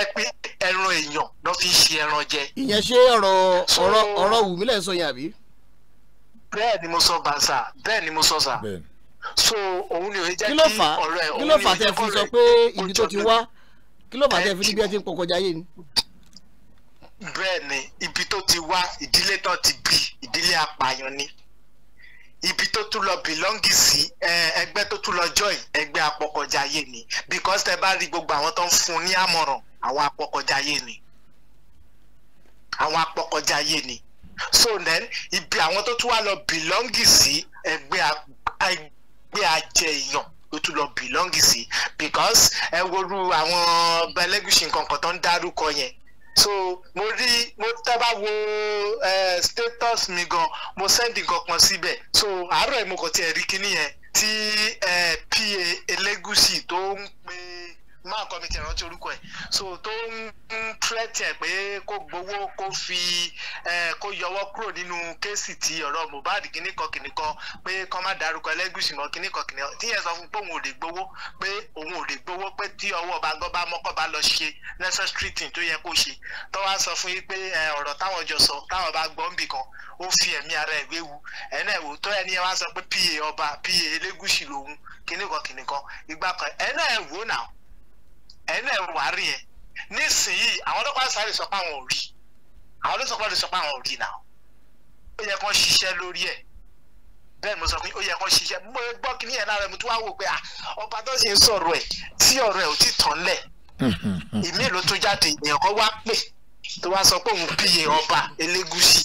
jẹ́ pé ẹran èèyàn ló fi ṣe ẹran jẹ. ìyẹn ṣé ọ̀rọ̀ ọ̀rọ̀ ọ̀rọ̀ wù mí lẹ́ẹ̀ sọ yẹn àbí. bẹ́ẹ̀ ni mo sọ bàṣà bẹ́ẹ̀ ni mo sọ sà. so òun ni òun jẹ́ kí ọ̀rọ̀ ẹ̀ òun ni òun jẹ́ kí ọ̀rọ̀ ẹ̀ kí ló fà kí ló fà tẹ fi níbi ẹ ti ń pọkọjá yé ni. bẹ́ẹ̀ ni ibi tó ti wá ìdílé tó ti bí ìdílé apààyàn ni ibi tó tún lọ bìlọ́ǹgì sí ẹgbẹ́ tó tún lọ join ẹgbẹ́ apọkọjáyé ni because tẹ bá rí gbogbo àwọn tó ń fún ní àmọ̀ràn àwọn apọkọjáyé ni àwọn apọkọjáyé ni so then ibi àwọn tó tún wá lọ bìlọ́ǹgì sí ẹgbẹ́ ajẹ̀yàn ó tún lọ bìlọ́ǹgì sí because ẹ woru àwọn Bẹ̀lẹ́gùṣì nǹkan kan tó ń dárúkọ yẹn so mo rí mo tẹ́ bá wo status mi gan mo sẹ́ndì kankan síbẹ̀ so àárọ̀ ẹ̀ mo kàn tiẹ̀ rí kinní yẹn tí pa elégùsì tó ń pè é máa kọ́ mi ti rántí orúkọ ẹ̀ so tó ń tírẹ́tì ẹ̀ pé kó gbowó kó fi kó yọwọ́ kúrò nínú kéèsì ti ọ̀rọ̀ Mohbad kìnnìkan kìnnìkan pé kọ́ má dárúkọ Ẹlẹ́gùṣì mọ́ kìnnìkan kìnnìkan tí yẹn sọ fún pé òun ò lè gbowó pé òun ò lè gbowó pé tí ọwọ́ ọba gan bá mọ́kọ́ bá lọ ṣe necessary thing tó yẹ kó ṣe tó wá sọ fún yín pé ọ̀rọ̀ táwọn jọ sọ táwọn bá gbọ́ nbì kan ó fi ẹ̀mí ara ẹ̀ wéwu ẹ̀ náà tó ẹni wá sọ pé pa ọba pa Ẹlẹ́gùṣì lòun kìnnìkan kìnnìkan ìgbà kan ẹ̀ náà náà ẹ̀yin náà wà á rí ẹ nísìnyìí àwọn ọlọ́pàá sáré sọ pé àwọn ò rí àwọn ọlọ́pàá lè sọ pé àwọn ò rí náà ó yẹ kán ṣiṣẹ́ lórí ẹ̀ bẹ́ẹ̀ mo sọ pé ó yẹ kán ṣiṣẹ́ mo gbọ́ kí nìyẹn lára mi tó wá wò pé ọba tó ṣe ń sọ̀rọ̀ ẹ̀ tí ọ̀rọ̀ ẹ̀ ò ti tàn lẹ̀ hmm, hmm, hmm. ìmí ló tún jáde èèyàn kan wá pè tó wá sọ pé òun píye ọba Elégùṣì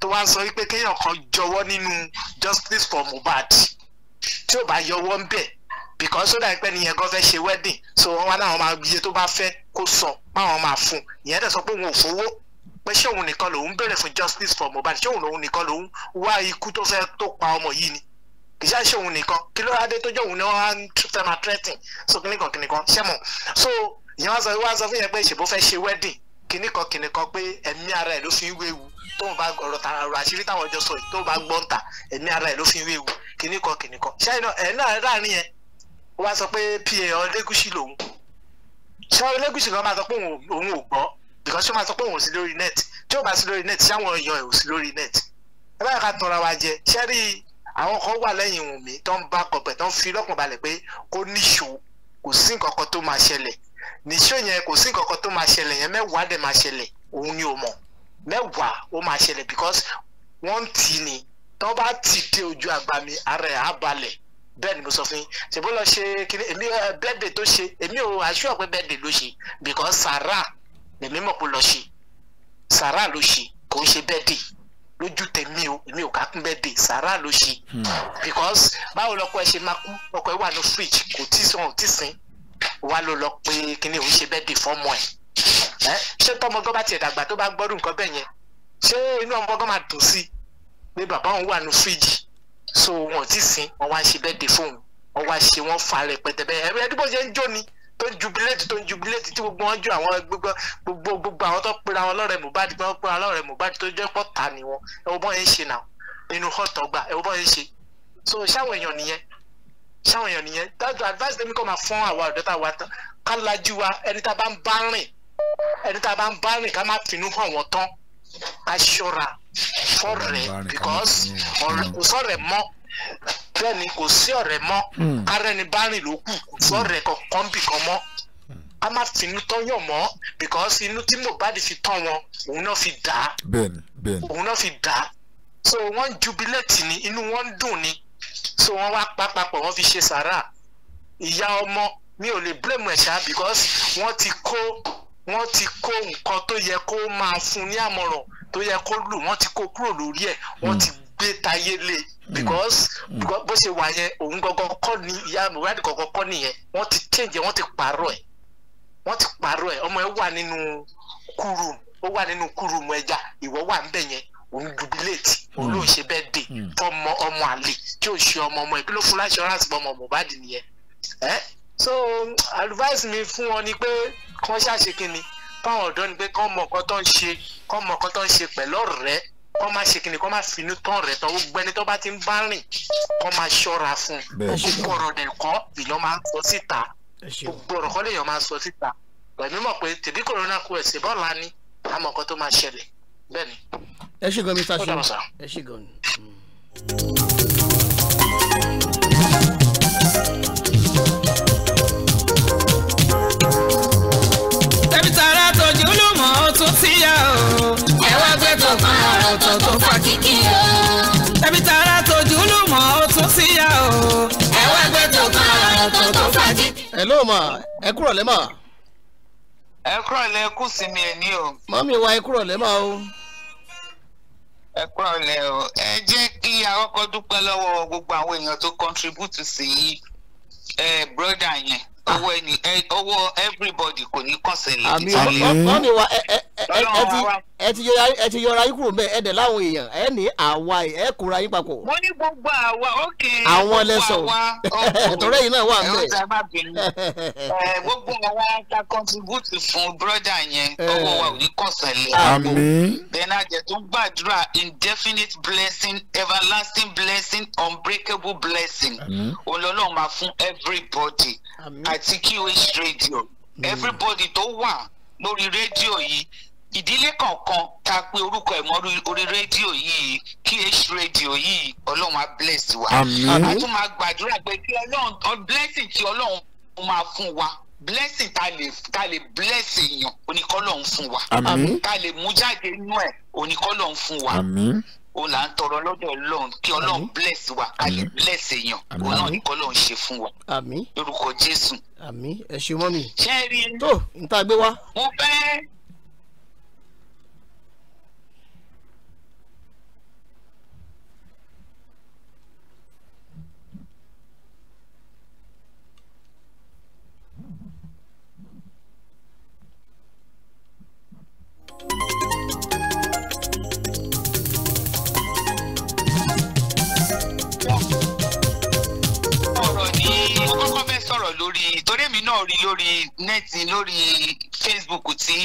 tó wá sọ pé kéèyàn kan jọ̀wọ́ nínú justice for Mohbad tí ò bá yọwọ́ ń bẹ̀ because ó dà pé nìyẹn gan fẹ́ ṣe wedding so wọn wá láwọn máa yíyẹ tó bá fẹ́ kó sọ báwọn máa fún ìyẹn dẹ̀ sọ pé òun ò fowó pé ṣé òun nìkan lòun béèrè fún justice for Mohbad ṣé òun nìkan lòun wá ikú tó fẹ́ tó pa ọmọ yìí ni kì í ṣáà ṣe òun nìkan kí ló adé tó jẹ́ òun ni wọ́n fẹ́ máa threatening so kìnnìkan kìnnìkan ṣẹ́ mọ̀ so ìyẹn wá sọ wá sọ fún yẹn pé ìṣèbó fẹ́ ṣe wedding kìnnìkan kìnnìkan pé ẹ̀mí ara ẹ̀ ló fi ń wéwu tóun bá ọ̀rọ̀ tààrà ọ̀rọ̀ àṣírí táwọn ọjọ́ sọ yìí tóun bá gbọ́n ẹ̀mí ara ẹ̀ ló fi ń wéwu kìnnìkan kìnnìkan ṣáà ẹ̀ náà láàrin yẹn ó wá sọ pé pa ọlẹ́gùsì lòun ṣé ọlẹ́gùsì kan máa sọ pé òun ò gbọ́ because ṣé ó máa sọ pé òun ò sí lórí net tí ó bá sí lórí net ṣé àwọn èèyàn ò sí lórí net ẹ báyìí ká tanra wa jẹ ṣé rí àwọn kan wà lẹ́yìn Wùnmí tó ń bá kọ̀pẹ̀ tó ń fi lọ́kàn balẹ̀ pé kó níṣó kò sí nǹkan kan tó máa ṣẹlẹ̀ níṣó yẹn kò sí nǹkan kan tó máa ṣẹlẹ̀ yẹn mẹ́wàá dẹ̀ máa ṣẹlẹ̀ òun ni ò mọ̀ mẹ́wàá ó máa ṣẹlẹ̀ because wọ́n ń tì tó bá ti dé ojú àgbà mi ara ẹ̀ á balẹ̀ bẹ́ẹ̀ ni mo sọ fún yín ṣèbó lọ ṣe kíní èmi bẹ́ẹ̀dẹ̀ tó ṣe èmi ò àṣùwọ̀ pé bẹ́ẹ̀dẹ̀ ló ṣe because sàrà lèmi mọ̀ pé lọ ṣe sàrà ló ṣe kò ń ṣe bẹ́ẹ̀dẹ̀ lójú tèmi o èmi ò ká kún bẹ́ẹ̀dẹ̀ sàrà ló ṣe hmm. because báwo lọkọ ẹ ṣe máa kú ọkọ ẹ wà ní fridge kò tí sàn ò tí sìn wà ló lọ pé kíní òun ṣe bẹ́ẹ̀dẹ̀ fọ́mọ ẹ̀ ṣé tọmọ gan bá tiẹ̀ fridge so wọn ti sin wọn wá ṣe bẹ́ẹ̀ de fóun wọn wá ṣe wọn fa rẹpẹtẹ bẹ́ẹ̀ ẹ̀rí ẹdúgbò ṣe ń jó ni tó ń jubiléètì tó ń jubiléètì tí gbogbo wọn jó àwọn gbogbo gbogbo gbogbo àwọn tó pera wọn lọ́rẹ̀ Mohbad gbogbo pera lọ́rẹ̀ Mohbad tó jẹ́ pọ̀ ta ni wọn ẹ wo bọ́ yẹn ṣe náà inú họ́tọ̀ gbà ẹ wo bọ́ yẹn ṣe so ṣáwọn èèyàn nìyẹn ṣáwọn èèyàn nìyẹn dájú advice lèmi kọ́ máa fún àwa ọ̀dọ́ tá a wà tán ká lajú wa ẹni tá a bá ń bá rìn ẹni tá a bá ń bá rìn ká má finú hàn wọ́n tán ká ṣọ́ra sọ̀rẹ́ because kò sọ̀rẹ́ mọ́ bẹ́ẹ̀ ni kò sí ọ̀rẹ́ mọ́ hmm. kárẹ́ni bá rìn ló kù kò sọ̀rẹ́ hmm. kankan bì kan mọ́ hmm. a máa finú tán yàn mọ́ because inú tí Mohbad fi tán wọn òun náà fi dà á òun náà fi dà á so wọ́n ń jubilẹ́tì ni inú wọn dùn ni so wọ́n wá papapọ̀ wọ́n fi ṣe sàrà ìyá ọmọ mi ò lè blame ẹ̀ ṣá because wọ́n ti kó wọ́n ti kó nǹkan tó yẹ kó máa fún ní àmọ̀ràn tó yẹ kó lù wọ́n ti kó kúrò lórí ẹ̀ wọ́n ti hmm. gbé tayé lé hmm. because hmm. bó ṣe wà yẹn òun gangan kọ́ ni ìyá Mohbad gangan kọ́ nìyẹn wọ́n ti change wọ́n ti pààrọ̀ ẹ̀ wọ́n ti pààrọ̀ ẹ̀ ọmọ ẹ̀ wà nínú kúrú ó wà nínú kúrú mu ẹja ìwọ wà ń yẹn òun jubilate òun ṣe bẹ́ẹ̀ dé fọmọ ọmọ àlè tí ò ṣe ọmọ ọmọ ìpínlẹ̀ fún láṣọ́ránsì bọ́mọ Mohbad nìyẹn so advice mi fún wọn ni pé kàn ṣàṣe káwọn ọ̀dọ́ ni pé kọ́ mọ nǹkan tó ń ṣe kọ́ mọ nǹkan tó ń ṣe pẹ̀lú ọ̀rẹ́ kọ́ máa ṣe kìnnìkan kọ́ máa finú tán ọ̀rẹ́ tán ó gbẹ́ni tó bá ti ń bá rìn kọ́ máa ṣọ́ra fún un gbogbo ọ̀rọ̀ dẹ̀ kọ́ ìyàn máa ń sọ síta gbogbo ọ̀rọ̀ kọ́ lèèyàn máa sọ síta pẹ̀lú mọ̀ pé tèbí kòrónà kú ẹ̀ ṣèbọ̀ ni àmọ́ nǹkan tó máa ṣẹlẹ̀ bẹ́ẹ̀ ni. ẹ ṣe gan mr seun ẹ ṣe gan. Hmm. o. ẹ wá gbé tó kan ọ̀rọ̀ ọ̀tọ̀ tó fa kíkì o. tẹ̀bí tara tojú ló mọ̀ ó tún sí ya o. ẹ wá gbé tó ọ̀rọ̀ ọ̀tọ̀ fa kíkì. ẹ ló mà ẹ kúrọ̀ lẹ́mà. ẹ kúrọ̀ lẹ kú sí mi ẹ̀ ní o. mọ́mí wa ẹ kúrọ̀ lẹ́mà o. ẹ kúrọ̀ lẹ o ẹ jẹ́ kí akọ́kọ́ dúpẹ́ lọ́wọ́ gbogbo àwọn èèyàn tó contribute sí ẹ broda yẹn owó ẹni owó everybody kò ní kàn sí ní ìtàlẹ́. àmì wa ẹ ti yọra ẹ ti yọra yín kúrò bẹ́ẹ̀ ẹ dẹ̀ láwọn èèyàn ẹ ní àwa ẹ kúra yín papọ̀. mo ní gbogbo àwa ókè àwọn lẹ́sọ̀ tọ́rẹ́ yìí náà wà ń bẹ̀. gbogbo àwa ta contribute fún brọ́dà yẹn owó wa ò ní kàn sẹ́lẹ̀. àmì. bẹ́ẹ̀ni àjẹ́ gbàdúrà indefinite blessing everlasting blessing unbreakable blessing olólùwọ̀n máa fún everybody. àmì àti QH radio hmm. everybody tó wà lórí rédíò yìí ìdílé kọ̀ọ̀kan tá a pe orúkọ ẹ̀ mọ́ orí rédíò yìí QH rédíò yìí ọlọ́run á bless wa a tún máa gbàdúrà pé kí ọlọ́run blessing tí ọlọ́run máa fún wa blessing ta lè ta lè bless èèyàn oníkọ́ lọ́run fún wa ta lè mú jáde nínú ẹ̀ oníkọ́ lọ́run fún wa. Amen o là ń tọrọ lọ́dọ̀ Ọlọ́run kí Ọlọ́run bless wa ká bless èèyàn òun náà ní kọ́ lọ́run ṣe fún wa lórúkọ Jésù. àmín ẹ ṣe mọ́ mi. ṣé ẹ tó n ta gbé wá. mo fẹ́. thank you sọ̀rọ̀ lórí torí èmi náà rí lórí nẹ́ẹ̀tì lórí Facebook tí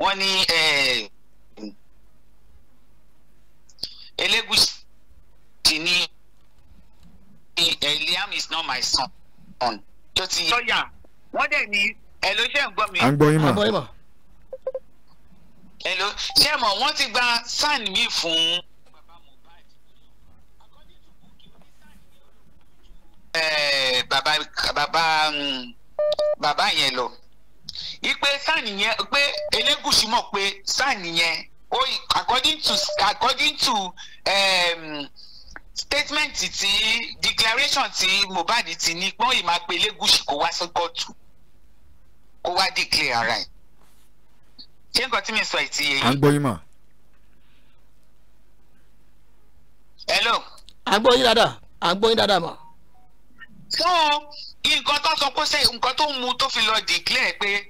wọ́n ní eh, Elégùṣì ní Liam is not my son tó ti lọ́yà wọ́n dẹ̀ ní ẹ ló ṣe ń gbọ́ mi. à ń gbọ́ yín mà. ẹ ló ṣé mọ̀ wọ́n ti gba sign mi fún Eh, bàbá bàbá mm, bàbá yẹn lọ ipe sáàni yẹn pé Elégùṣì mọ̀ pé sáàni yẹn ó according to according to um, statement ti declaration ti Mohbad ti ní pé wọ́n yìí máa pe Elégùṣì kó wá sí kóòtù kó wá declare ara ẹ̀ ṣé nǹkan tí mi sọ ìtì yẹ yìí. hello. à ń gbọ́ yín dáadáa so nǹkan tó sọ pé nǹkan tó mú tó fi lọ declare pé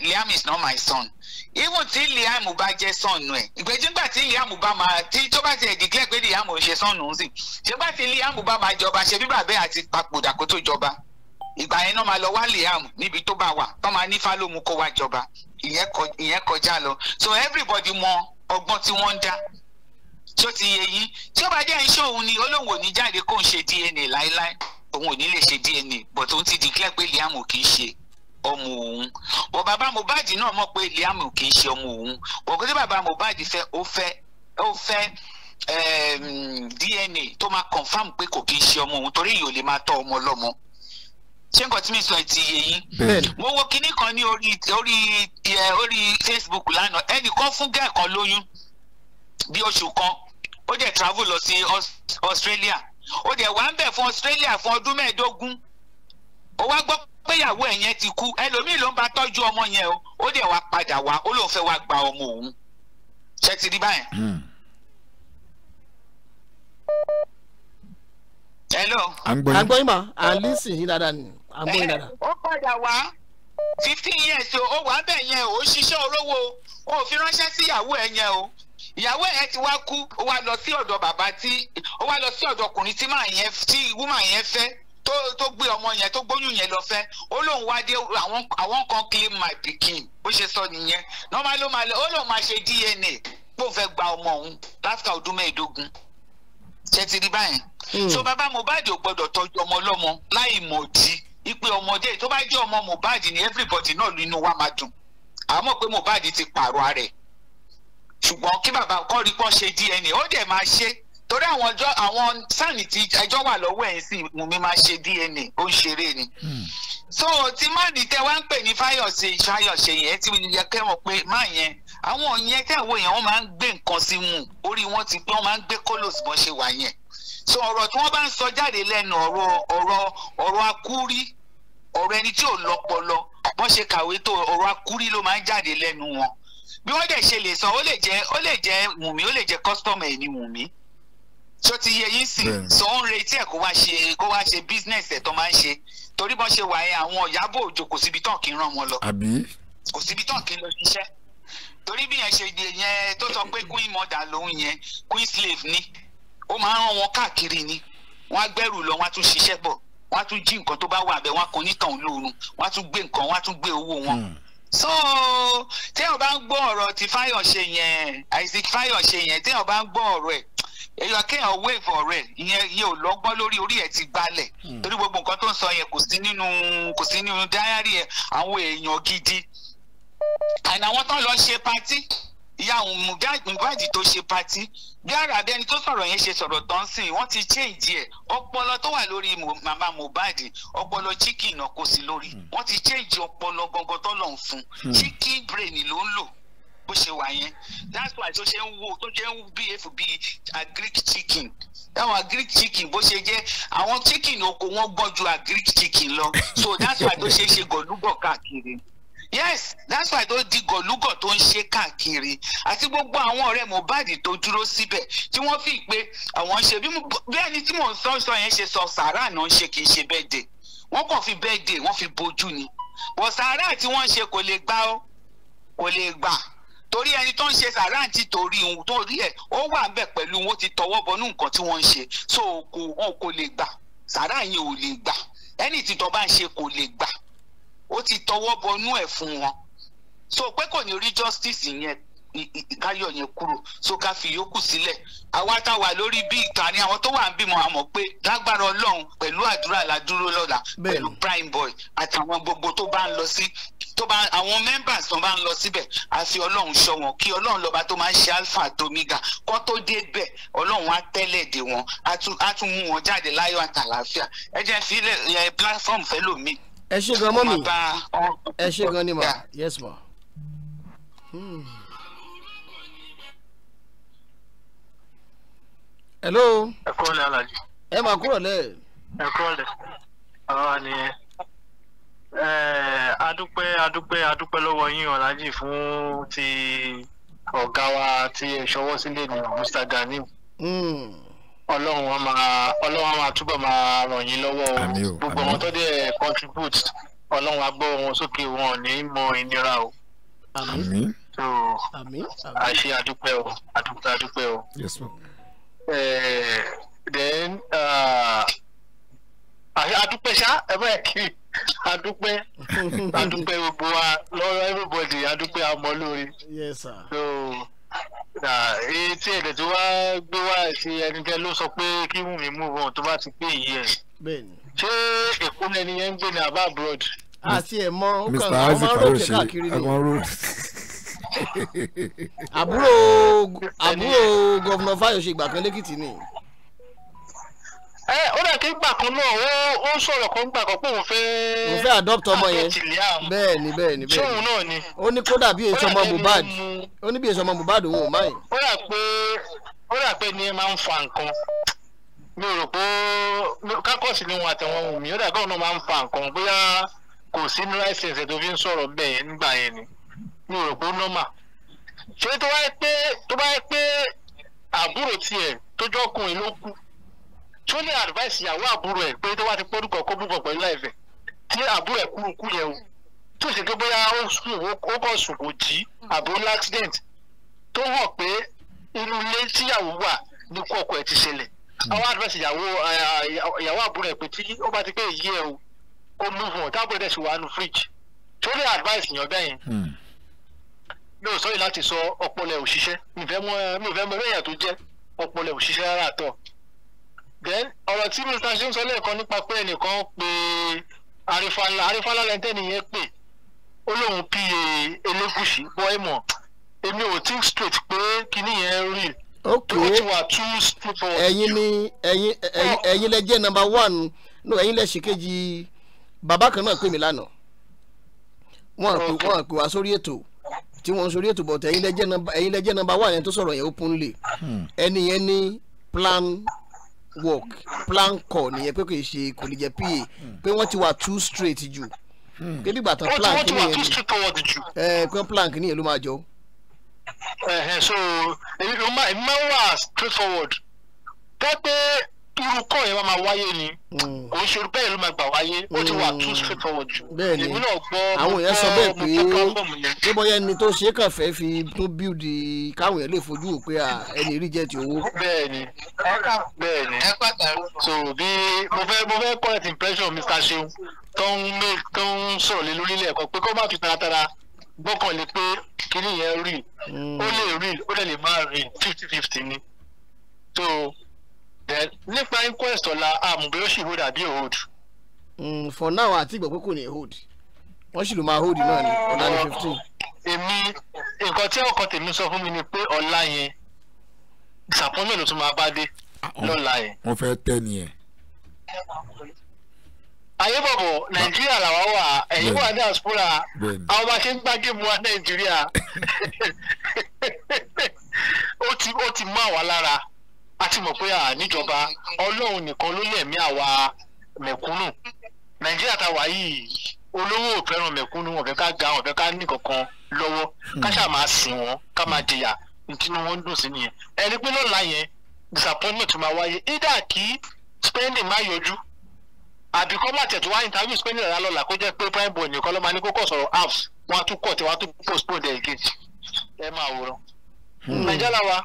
Liam is not my son even tí Liam bá jẹ́ son nù ẹ̀ ìgbẹ́jìngbà tí Liam bá máa tí tó bá tiẹ̀ declare pé Liam ò ṣe son nù ún sì ṣégbà tí Liam bá máa jọba ṣe bí bàbá àti papòdà kó tó jọba ìgbà yẹn náà máa lọ wá Liam níbi tó bá wà tó máa nífà lómú kó wá jọba ìyẹn kọjá lọ so everybody mọ ọgbọ́n tí wọ́n ń dá tó ti yẹ yín tí ó bá jẹ́ iṣẹ́ òun ni olóhùn ò ní jáde kó ń ṣe DNA láéláé òun ò ní lè ṣe DNA but òun ti declare pé Liam ò kì í ṣe ọmọ òun wọ bàbá Mohbad náà mọ̀ pé Liam ò kì í ṣe ọmọ òun wọ kó tí bàbá Mohbad fẹ́ ó fẹ́ ó fẹ́ ehm, DNA tó máa confam pé kò kì í ṣe ọmọ òun torí yìí ò lè máa tọ́ ọmọ lọ́mọ ṣé nǹkan tí mi sọ ti yé yín mo wo kinní kan ní orí orí Facebook lánàá ẹnìkan fún gẹ́ẹ̀ kan lóyún bí oṣù kan ó dẹ̀ travel lọ sí Australia ó dẹ̀ wá ń bẹ̀ fún Australia fún ọdún mẹ́ẹ̀ẹ́dógún ó wá gbọ́ pé ìyàwó ẹ̀ yẹn ti kú ẹlòmíì ló ń bá tọ́jú ọmọ yẹn o ó dẹ̀ wá padà wá ó lóun fẹ́ wá gba ọmọ òun ṣe ti rí báyẹn. Hmm. hello. àgbọ̀yìn ma àlísì yín dáadáa ni àgbọ̀yìn eh, dáadáa. ó padà wá fifteen years o ó wà bẹ́ẹ̀ yẹn o ó ṣiṣẹ́ olówó o ò fi ránṣẹ́ sí ìyàwó ẹ̀ yẹn o ìyàwó ẹ̀ ti wá kú ó wá lọ sí ọ̀dọ̀ bàbá tí ó wá lọ sí ọ̀dọ̀ ọkùnrin tí màá yẹn tí wúmà yẹn fẹ́ tó tó gbé ọmọ yẹn tó gbóyún yẹn lọ fẹ́ ó lóun wá dé àwọn àwọn kan claim my pikin bó ṣe sọ nìyẹn normal ló máa lọ ó lóun máa ṣe DNA pé òun gba ọmọ òun láfíà ọdún mẹ́ẹ̀ẹ́dógún ṣe ti rí báyìí hmm. so bàbá Mohbad ò gbọdọ̀ tọ́jú ọmọ ọlọ́mọ láì mọ̀ di ipe ọmọdé tó bá jẹ́ ọmọ Mohbad ni everybody náà nínú wa máa dùn àmọ́ pé Mohbad ti pààrọ̀ rẹ̀ ṣùgbọ́n kí bàbá kọ́ rí pọ́ ṣe DNA ó dẹ̀ máa ṣe torí àwọn ọjọ́ àwọn sáàni tí ẹjọ́ wà lọ́wọ́ ẹ̀ ń sìn Wùnmí máa ṣe DNA ó ń ṣeré ni. Hmm. so tí máàní tẹ wá ń pè ní Fáyọ̀ṣe Fáyọ̀ṣe yẹn tí yẹ kẹ́wọ̀n pé má yẹn àwọn yẹn kẹ́wọ̀n yẹn wọ́n máa ń gbé nǹkan sí mu orí wọn ti pé wọ́n máa ń gbé kólòsì bọ́n ṣe wà yẹn. so ọ̀rọ̀ tí wọ́n bá ń sọ jáde lẹ́nu ọ̀rọ̀ ọ̀rọ̀ ọ̀rọ̀ akúrí ọ̀rọ̀ ẹni tí ò lọ́pọlọ bọ́n ṣe kàwé tó ọ̀rọ̀ akúrí ló máa ń jáde lẹ́nu wọn bí wọ́n dẹ̀ ṣe lè san ó lè jẹ́ ó lè jẹ́ wùmí ó lè jẹ́ kọ́sítọ́mù ẹ̀ ní wùmí tó ti yẹ yín sí so ó ń retí ẹ̀ kó wá ṣe kó wá ṣe bísínẹ́sì ẹ̀ tó máa ń ṣe torí bọ́n ṣe wà yẹn àwọn Ìyábọ̀ Òjó kò síbi tán kì í ràn wọn lọ kò síbi tán kì í lọ ṣiṣẹ́ torí bí yẹn ṣe di yẹn tó sọ pé queen mother lòun yẹn queen slave ni ó máa ń rán wọn káàkiri ni wọ́n á gbẹ́rù lọ wọ́n á tún ṣiṣẹ́ bọ̀ wọ́n á tún jí nǹkan tó bá wà bẹ́ẹ̀ wọ́n á kọ onítàn lóorun wọ́n á tún gbé nǹkan wọ́n á tún gbé owó wọn. Mm so téèyàn bá ń gbọ́ ọ̀rọ̀ ti Fáyọ̀ṣe yẹn Isaac Fáyọ̀ṣe yẹn téèyàn bá ń gbọ́ ọ̀rọ̀ ẹ̀ èyàn kéèyàn wave ọ̀rẹ́ ìyẹn yìí ò lọ́gbọ́n lórí orí ẹ̀ ti gbalẹ̀ hmm. torí gbogbo nǹkan tó ń sọ yẹn kò sí nínú kò sí nínú dáyárì ẹ̀ àwọn èèyàn gidi àná àwọn tán lọ ṣe patí ìyá Mohbad tó ṣe patí bí àràbí ẹni tó sọ̀rọ̀ yẹn ṣe sọ̀rọ̀ tán sí i wọ́n ti change ẹ̀ ọpọlọ tó wà lórí màmá Mohbad ọpọlọ chicken náà sí lórí hmm. wọ́n ti change ọpọlọ gangan tó lọ́n fún hmm. chicken brain ló ń lò bó ṣe wà yẹn that's why tó ṣe ń wo tó ṣe ń behave bí agric chicken táwọn agric chicken bó ṣe jẹ́ àwọn chicken oko wọ́n gbọ́ ju agric chicken lọ so that's why tó ṣe ṣe gọ̀lúgọ̀ káàkiri yes that's why tó di gọlúgọ tó ń ṣe káàkiri àti gbogbo àwọn ọ̀rẹ́ Mohbad tó dúró síbẹ̀ tí wọ́n fi pé àwọn ṣe bí ẹni tí mò ń sọ sọ yẹn ṣe sọ sàárà náà ń ṣe kì í ṣe birthday wọ́n kàn fi birthday wọ́n fi bojú ni bọ̀ sàárà tí wọ́n ṣe kò lè gbà ó kò lè gbà torí ẹni tó ń ṣe sàárà ti torí ohun tó rí ẹ ó wà ń bẹ̀ pẹ̀lú wọn ti tọwọ́ bọnú nǹkan tí wọ́n ń ṣe so kò wọn kò lè gbà sàárà yẹn ò lè gbà ẹni tí tó bá ń ṣe kò lè gbà ó ti tọwọ́ bọnú ẹ̀ fún wọn so pé kò ní rí justice yẹn káyọ̀ yẹn kúrò so ká fi yòókù sílẹ̀ àwa táwa lórí bí ìta ni àwọn tó wà ń bímọ àmọ́ pé lágbára ọlọ́run pẹ̀lú àdúrà ládúró lọ́la pẹ̀lú prime boy àtàwọn gbogbo tó bá ń lọ sí tó bá àwọn members tó bá ń lọ síbẹ̀ àfi ọlọ́run ṣọ́ wọn kí ọlọ́run lọ́ba tó máa ń ṣe alpha àti omega kọ́ tó dé bẹ̀ ọlọ́run á tẹ́lẹ̀ dé wọn á tún mú wọn jáde láyọ̀ àtàlàáfíà ẹ jẹ́ fi platform fẹ́ lòmíì ẹ ṣe gan mọ́mì ẹ ṣe gan ni ma yes ma. Hmm. hello. ẹ kúrò lẹ́ alájí. ẹ máa kúrò lẹ́. ẹ kúrò lẹ́ àwa nìyẹn adúpẹ́ adúpẹ́ adúpẹ́ lọ́wọ́ yín ọ̀làjì fún ti ọ̀gá wa tí ẹ ní Mr. Ganim. Hmm ọlọ́run wọn máa ọlọ́run máa túbọ̀ máa ràn yín lọ́wọ́ gbogbo ọmọ tó dẹ̀ contribute ọlọ́run á gbọ́ wọn sókè wọn ò ní mọ ìnira o. àmín. so àṣe àdúpẹ́ o àdúpẹ́ àdúpẹ́ o. yes ma. ẹ̀ẹ́ eh, then àdúpẹ́ ah, ṣá ẹ bá ẹ̀ kí àdúpẹ́ àdúpẹ́ gbogbo wa lọ́rọ̀ everybody àdúpẹ́ àmọ́ lórí. yes sir. so etí ẹ̀dẹ̀ tí wàá gbé wá ṣe ẹnikẹ́ ló sọ pé kí Wùmí move on tó bá ti pé ìyẹn ṣé Èkó ni ẹni yẹn ń gbé ní abá abroad. àti ẹ̀ mọ ó kàn án ọmọ ròkè káàkiri ni àbúrò àbúrò gọ́vnọ̀ Fáyọ̀ṣe ìgbà kan lẹ́kìtì ni ẹ ó dà kí gbà kan náà ó ó sọ̀rọ̀ kan gbà kan pé òun fẹ́. òun fẹ́ adopt ọmọ yẹn bẹ́ẹ̀ ni bẹ́ẹ̀ ni bẹ́ẹ̀ ni. sóun náà ni. ó ní kódà bí èso ọmọ Mohbad ó ní bí èso ọmọ Mohbad òun ò máyì. ó rà pé ó rà pé ni máa ń fa nǹkan mi ò rò pé kákọ́sì ni wọn àtàwọn ohun mi ó dà káwọn náà máa ń fa nǹkan bóyá kò sí ní láìsẹ̀nsẹ̀ tó fi ń sọ̀rọ̀ bẹ́ẹ̀ nígbà yẹn ni mi ò rò pé ó nọ́mà ṣé tó bá yẹ pé àbúrò tiẹ̀ tó ló kú tó lè advice ìyàwó àbúrò ẹ̀ pé tó bá ti pórúkọ kó búkọ pẹ̀lú àìfẹ́ tí àbúrò ẹ̀ kúrú kú yẹn o tó ṣe pé bóyá ó kọ̀ sùn kò jí àbúrò accident tó hàn pé inú ilé tíyàwó wà ní kú ọkọ ẹ̀ ti ṣẹlẹ̀ àwọn advice ìyàwó eh, ìyàwó àbúrò ẹ̀ pé tí ó bá ti pé èyí ẹ̀ o kó move on tábìlì ẹ̀ sì wà nù fridge tó lè advice yàn bẹ́ẹ̀ yẹn hmm. mi ò sọ yìí láti sọ ọpọlọ òṣìṣẹ́ mi fẹ́ mọ̀ mi ò fẹ́ mọ̀ bẹ́ẹ̀ yẹn tó jẹ́ ọpọlọ òṣìṣẹ́ rárá tọ̀ then ọ̀rọ̀ tí mr ṣe ń sọ lẹ́ẹ̀kan nípa pé ẹnìkan pe Arífálá Arífálá lẹ́ńtẹ́ nìyẹn pè ó lóun pa Elégùṣì bọ́ẹ̀mọ̀ èmi ò think straight pé kinní yẹn real ok ẹ̀yin ni ẹ̀yin ẹ̀yin lẹ jẹ́ number one no ẹ̀yin lẹ ṣe kejì bàbá kan náà pè mí lánàá wọn àpè wọn àpè wá sórí ètò tí wọn sórí ètò bọ̀tẹ̀ ẹ̀yin lẹ jẹ́ number one ẹni tó sọ̀rọ̀ yẹn ó pọ́n lè ẹni yẹn ní plan work plan kọ nìyẹn pé kò í ṣe kò lè jẹ pa hmm. pé wọ́n ti wà too straight jù hmm. pé nígbà tán plan kìíní yẹn ni ẹ pé plan kìíní yẹn ló máa jọ. so èmi máa wà straightforward pé pé irú kọ́ yẹn máa wáyé ni hmm. kò ń ṣe bẹ́ẹ̀ ló máa gbà wáyé ó ti wà hmm. too straight forward jù èmi àwọn èèyàn sọ bẹ́ẹ̀ pé pé bóyá ẹni tó ṣe kàn fi tó build káwọn èèyàn lè fojú pé ẹni rí jẹ́ ti owó. bẹ́ẹ̀ni bẹ́ẹ̀ni so bí mo fẹ́ mo fẹ́ correct impression Mr. Seun tó ń tó ń sọ̀rọ̀ lé lórí ilẹ̀ ẹ̀kọ́ pé kó má fi taratara gbọ́kànlé pé kíní yẹn rí hmm. ó lè rí ó lè má rí fifty fifty ni so then nípa inquest ọ̀la àmùgbé ó sì hold àbí hold. Mm, for now àti ìgbà pé kò ní hold wọ́n sì ló máa hold náà ní ọ̀la ní fifteen. èmi nǹkan tí ọkọ tèmi sọ fún mi ni pé ọ̀la yẹn disappointment ló tún máa bá dé ah, lọ́la yẹn. wọ́n fẹ́ tẹ́ nìyẹn ayébọ̀bọ̀ nàìjíríà làwa wà ẹ̀yin wà ní àsùpùrà àwọn bá ṣe ń gbá géèmù wa nàìjíríà ó ti mú àwa lára a ti mọ̀ pé à níjọba ọlọ́run nìkan ló lẹ̀mí àwa mẹ̀kúnnù nàìjíríà tá a wà yìí olówó ò fẹ́ràn mẹ̀kúnnù wọn fẹ́ ká ga wọn fẹ́ ká ní kankan lọ́wọ́ hmm. ká ṣáà máa sìn wọn ká máa jìyà ntinu wọn dùn sí nìyẹn ẹni pé lọ́la yẹn disappointment máa wáyé either kí spending máa yọjú àbí kọ́ máa tẹ̀ tó wá interview spending rẹ̀ lọ́la kó jẹ́ pé prime boy nìkan ló máa ní kókó sọ̀rọ̀ house wọn á tún kọ̀ tí wọn á tún postpone their engage ẹ máa wòran hmm. nàìjíríà wa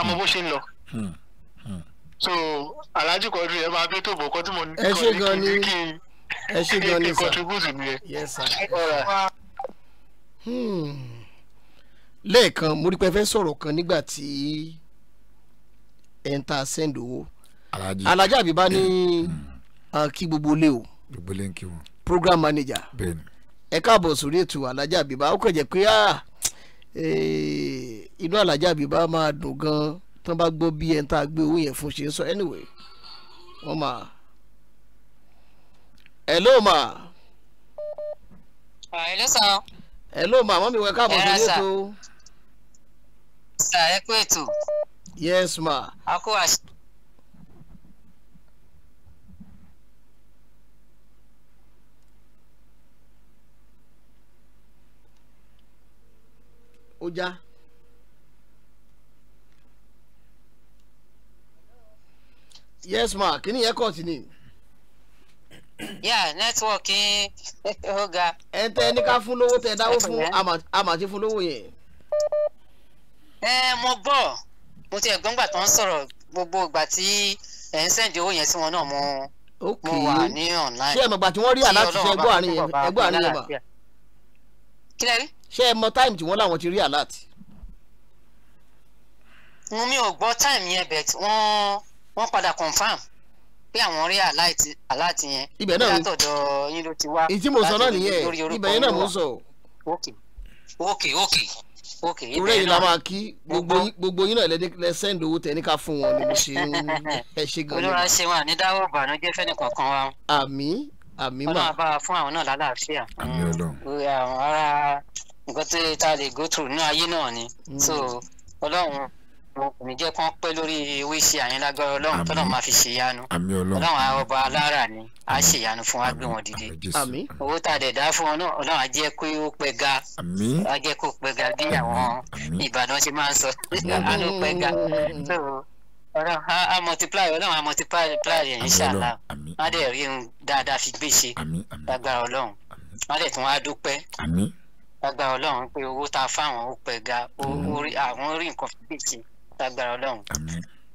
àmọ́ bó ṣe ń lọ. Hmm. Hmm. so Alhaji Quadri ẹ máa gbé tó bọ̀ kọ́ tí mo ní kí n ẹ ṣe gan ni sir yes sir. Hmm. lẹ́ẹ̀kan mo rí pé fẹ́ sọ̀rọ̀ kan nígbà tí ẹ̀ ń ta send owó Alhaji Abiba ní kí gbogbo lé o program manager ẹ káàbọ̀ sórí ètò Alhaji Abiba ó kàn jẹ́ pé ah. Eh, inú alájà bíi bá máa dùn gan tí wọ́n bá gbọ́ bí ẹni tá a gbé owó yẹn fún ṣe ń sọ anyway wọ́n máa. hello ma. Ah, hello sir. hello ma mọ́mi wẹ̀ káàbọ̀ sí ilé tó. sà ẹ kú ètò. yes ma. a kó àṣẹ. ó já. yes ma kíní yẹn kọ̀ sí ni. yà nẹ́tíwọ̀kì ó ga. ẹ tẹ ní ká fún lówó tẹ dáwó fún amàtí fún lówó yẹn. ẹ mo gbọ́ mo ti ẹ̀gbọ́n gbà tó ń sọ̀rọ̀ gbogbo ìgbà tí ẹ̀ ń sẹ́ǹdì owó yẹn sí wọn náà mo mo wà ní online. ṣé ẹ̀ mọ̀gbà tí wọ́n rí àlá ti ṣe ẹgbọ́ àárín yẹn ẹgbọ́ àárín yẹn mà. kí rí ṣé ẹ mọ táìmù tí wọ́n láwọn ti rí alert. wọn mi ò gbọ́ táìmù yẹn bẹ̀ wọ́n wọ́n padà confam pé àwọn rí alert yẹn ibẹ̀ náà látọ̀dọ̀ yín ló ti wá ìdí mo sọ náà nìyẹn ibẹ̀ yẹn náà mo sọ. ok ok ok ok ibẹ̀ náà ìrẹ́ yìí la máa kí gbogbo yín náà lẹ send owó tẹ̀ ní ká fún wọn níbi ṣe ń ẹ ṣe gan-an. olóra ṣe wọn ànídáwó ìbànújẹ́ fẹ́ni kankan wa. àmín àmín mà. ọlọ́run bá wa fún àwọn náà lálàáfíà. àmín ọlọ́run. ara nǹkan tí tá a lè go through ní ayé náà ni mm. so ọlọ́run ní jẹ́ kán pẹ́ lórí wíṣẹ́ àyín lágbára ọlọ́run tọ́nà máa fi ṣèyanu ọlọ́run ọba alára ni a ṣèyanu fún wa gbé wọn dìde owó tá a dẹ̀ dá fún wọn ọlọ́run á jẹ́ kó ó pẹ́ ga á jẹ́ kó pẹ́ ga bí àwọn ìbàdàn ṣe máa ń sọ á ló pẹ́ ga ọlọ́run multiply ọlọ́run á multiply ẹ̀ inshallah á dẹ̀ rí irun dáadáa fi gbèsè lágbára ọlọ́run á dẹ̀ tún wá dúpẹ́ lágbára Ọlọ́run pé owó tá a fáwọn ó pẹ ga mm. àwọn rí nǹkan fi gbèsè lágbára Ọlọ́run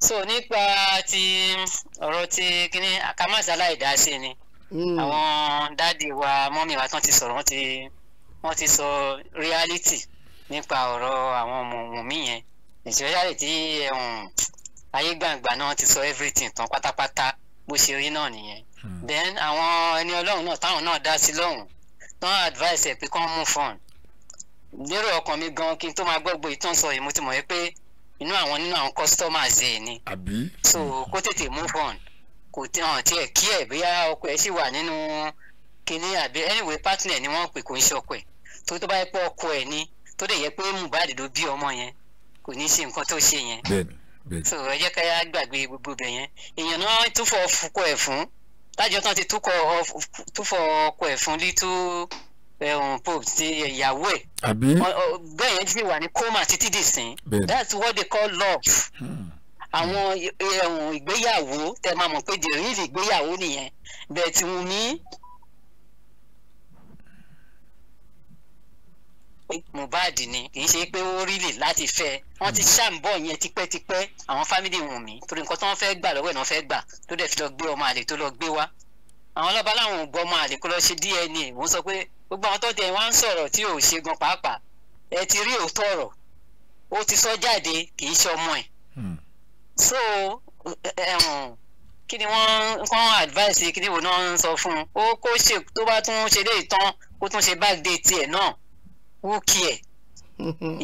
so nípa ti ọ̀rọ̀ ti kíní akamasa aláìdá sí ni mm. àwọn dáàdi wa mọ́mí wa tán ti sọ̀rọ̀ wọ́n ti sọ reality nípa ọ̀rọ̀ àwọn ọmọ Wùmí yẹn especially tí ayé gbàǹgbà náà ti sọ everything tán pátápátá bó ṣe rí náà nìyẹn mm. then àwọn ẹni Ọlọ́run náà táwọn náà dá sí lọ́hùn náà advice ẹ̀ pé kán mú fọ́ọ̀n lérò ọkàn mi gan kí n tó máa gbọ́gbọ́ ìtàn sọ yìí mo ti mọ̀ pé inú àwọn nínú àwọn customers ẹ̀ ni so kó tètè move on kò tí hàn tiẹ̀ kí ẹ̀ bóyá ọkọ ẹ̀ sì wà nínú kinní àbí anyway partner ni wọ́n pè kó ń ṣọkọ ẹ̀ tó tó bá yẹ pé ọkọ ẹ̀ ni tó dẹ̀ yẹ pé Mohbad ló bí ọmọ yẹn kò ní í ṣe nǹkan tó ṣe yẹn so ẹ jẹ́ ká gbàgbé gbogbo bẹ̀ yẹn èèyàn náà túfọ̀ ọkọ ẹ̀ fún lájọ tán ti túkọ̀ túfọ̀ ọkọ ẹ̀ fún lítú ìyàwó ẹ̀ bẹ́ẹ̀ yẹn ti wà ní coma títí dì sín that's what they call love hmm. àwọn ìgbéyàwó tẹ máa mọ̀ pé the real ìgbéyàwó nìyẹn bẹ́ẹ̀ tí wọ́n ní. Mohbad ni kì í ṣe pé ó rí lè láti fẹ́ wọ́n ti ṣàǹbọ̀ yẹn tipẹ́tipẹ́ àwọn fámìlì Wùnmí torí nǹkan tó wọ́n fẹ́ gbà lọ́wọ́ ẹ̀ náà fẹ́ gbà tó dẹ̀ fi lọ gbé ọmọ àlè tó lọ gbé wá àwọn ọlọ́ba láwọn ò gbọ́ ọmọ àlè kó lọ ṣe DNA wọ́n sọ pé gbogbo àwọn tó tẹ wá ń sọ̀rọ̀ tí ò ṣe gan pàápàá ẹ ti rí òótọ́ ọ̀rọ̀ ó ti sọ jáde kì í ṣe ọmọ ẹ̀ hmm. so kí ni wọ́n kàn advice kí ni wọ́n náà ń sọ fún un ó kó ṣe tó bá tún ṣe lé ìtàn kó tún ṣe backdate tiẹ̀ náà wú kí ẹ̀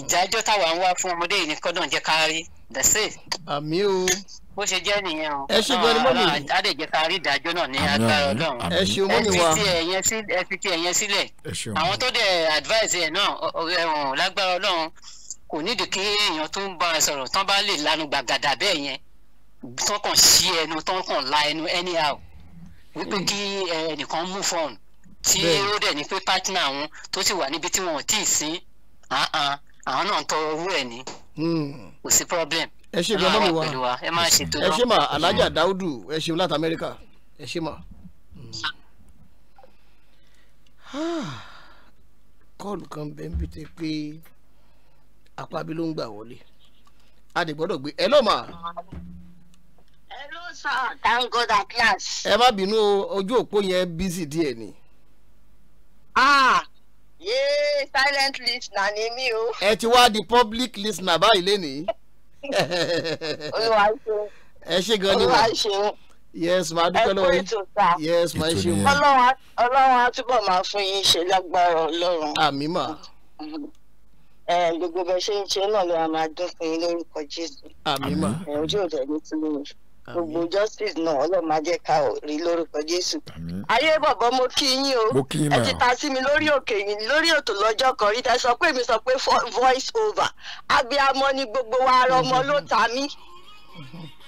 ìdájọ́ táwa ń wá fún ọmọdé yìí ní kọ́dọ̀ jẹ́ ká rí that's it. àmì o bó ṣe jẹ́ nìyẹn o. ẹ ṣe gbọ́dọ̀ mọ́mì. adéjẹ́ ká rí ìdájọ́ náà ní agbára ọlọ́run. ẹ ṣe mọ́mì wa ẹ fi ti ẹ̀yẹn sílẹ̀. àwọn tó dẹ̀ advice ẹ̀ náà ẹ̀wọ̀n lágbára ọlọ́run kò nídìí kí èèyàn tó ń bá a sọ̀rọ̀ tán bá lè lanu gbàgàdà bẹ́ẹ̀ yẹn tán kàn sí ẹnu tán kàn la ẹnu anyhow wípé kí ẹnìkan mú fọ́ọ̀nù tí ó dẹ̀ ní pé pátínà àwọn tó sì wà níbi tí wọn ò tíì sí àwọn náà ń tọrọ owó ẹ̀ ní hmm. kò sí problem ẹ ṣe gan mọ́mi wa ẹ ṣe ma Alhaja Daudu ẹ ṣeun láti Amẹ́ríkà ẹ ṣe ma. Ah, kọ́ọ̀lù kan bẹ́ẹ̀ ń bí tẹ́ pé apábí ló ń gbà wọlé a gbé ẹ lọ́ọ̀ mà. ẹ ló thank God at last. ẹ má bínú ojú òpó yẹn bísí díẹ̀ ni. ah yéé silent listener ni mí o. ẹ ti wá di public listener báyìí lénìí olúwa ṣeun ẹ ṣe gan olúwa ṣeun yes ma dúpẹ́ lọ́wọ́ yín yes ma ṣe wọn. ọlọ́run á túbọ̀ máa fún yín ṣe lágbára ọlọ́run. àmín mà. gbogbo bẹ́ẹ̀ ṣe ń ṣe náà ló máa dún fún yín lórúkọ jésù. àmín mà. ojú òde ní tìlú mi gbogbo justice náà ọlọ́run máa jẹ́ ká ò rí lórúkọ jésù. ayé bọ̀bọ̀ mo kí yín o ẹ ti ta sí mi lórí òkè yín lórí ètò lọ́jọ́ kan rí tẹ́ sọ pé mi sọ pé voice over abiyamọ ni gbogbo wa ara ọmọ ló ta mí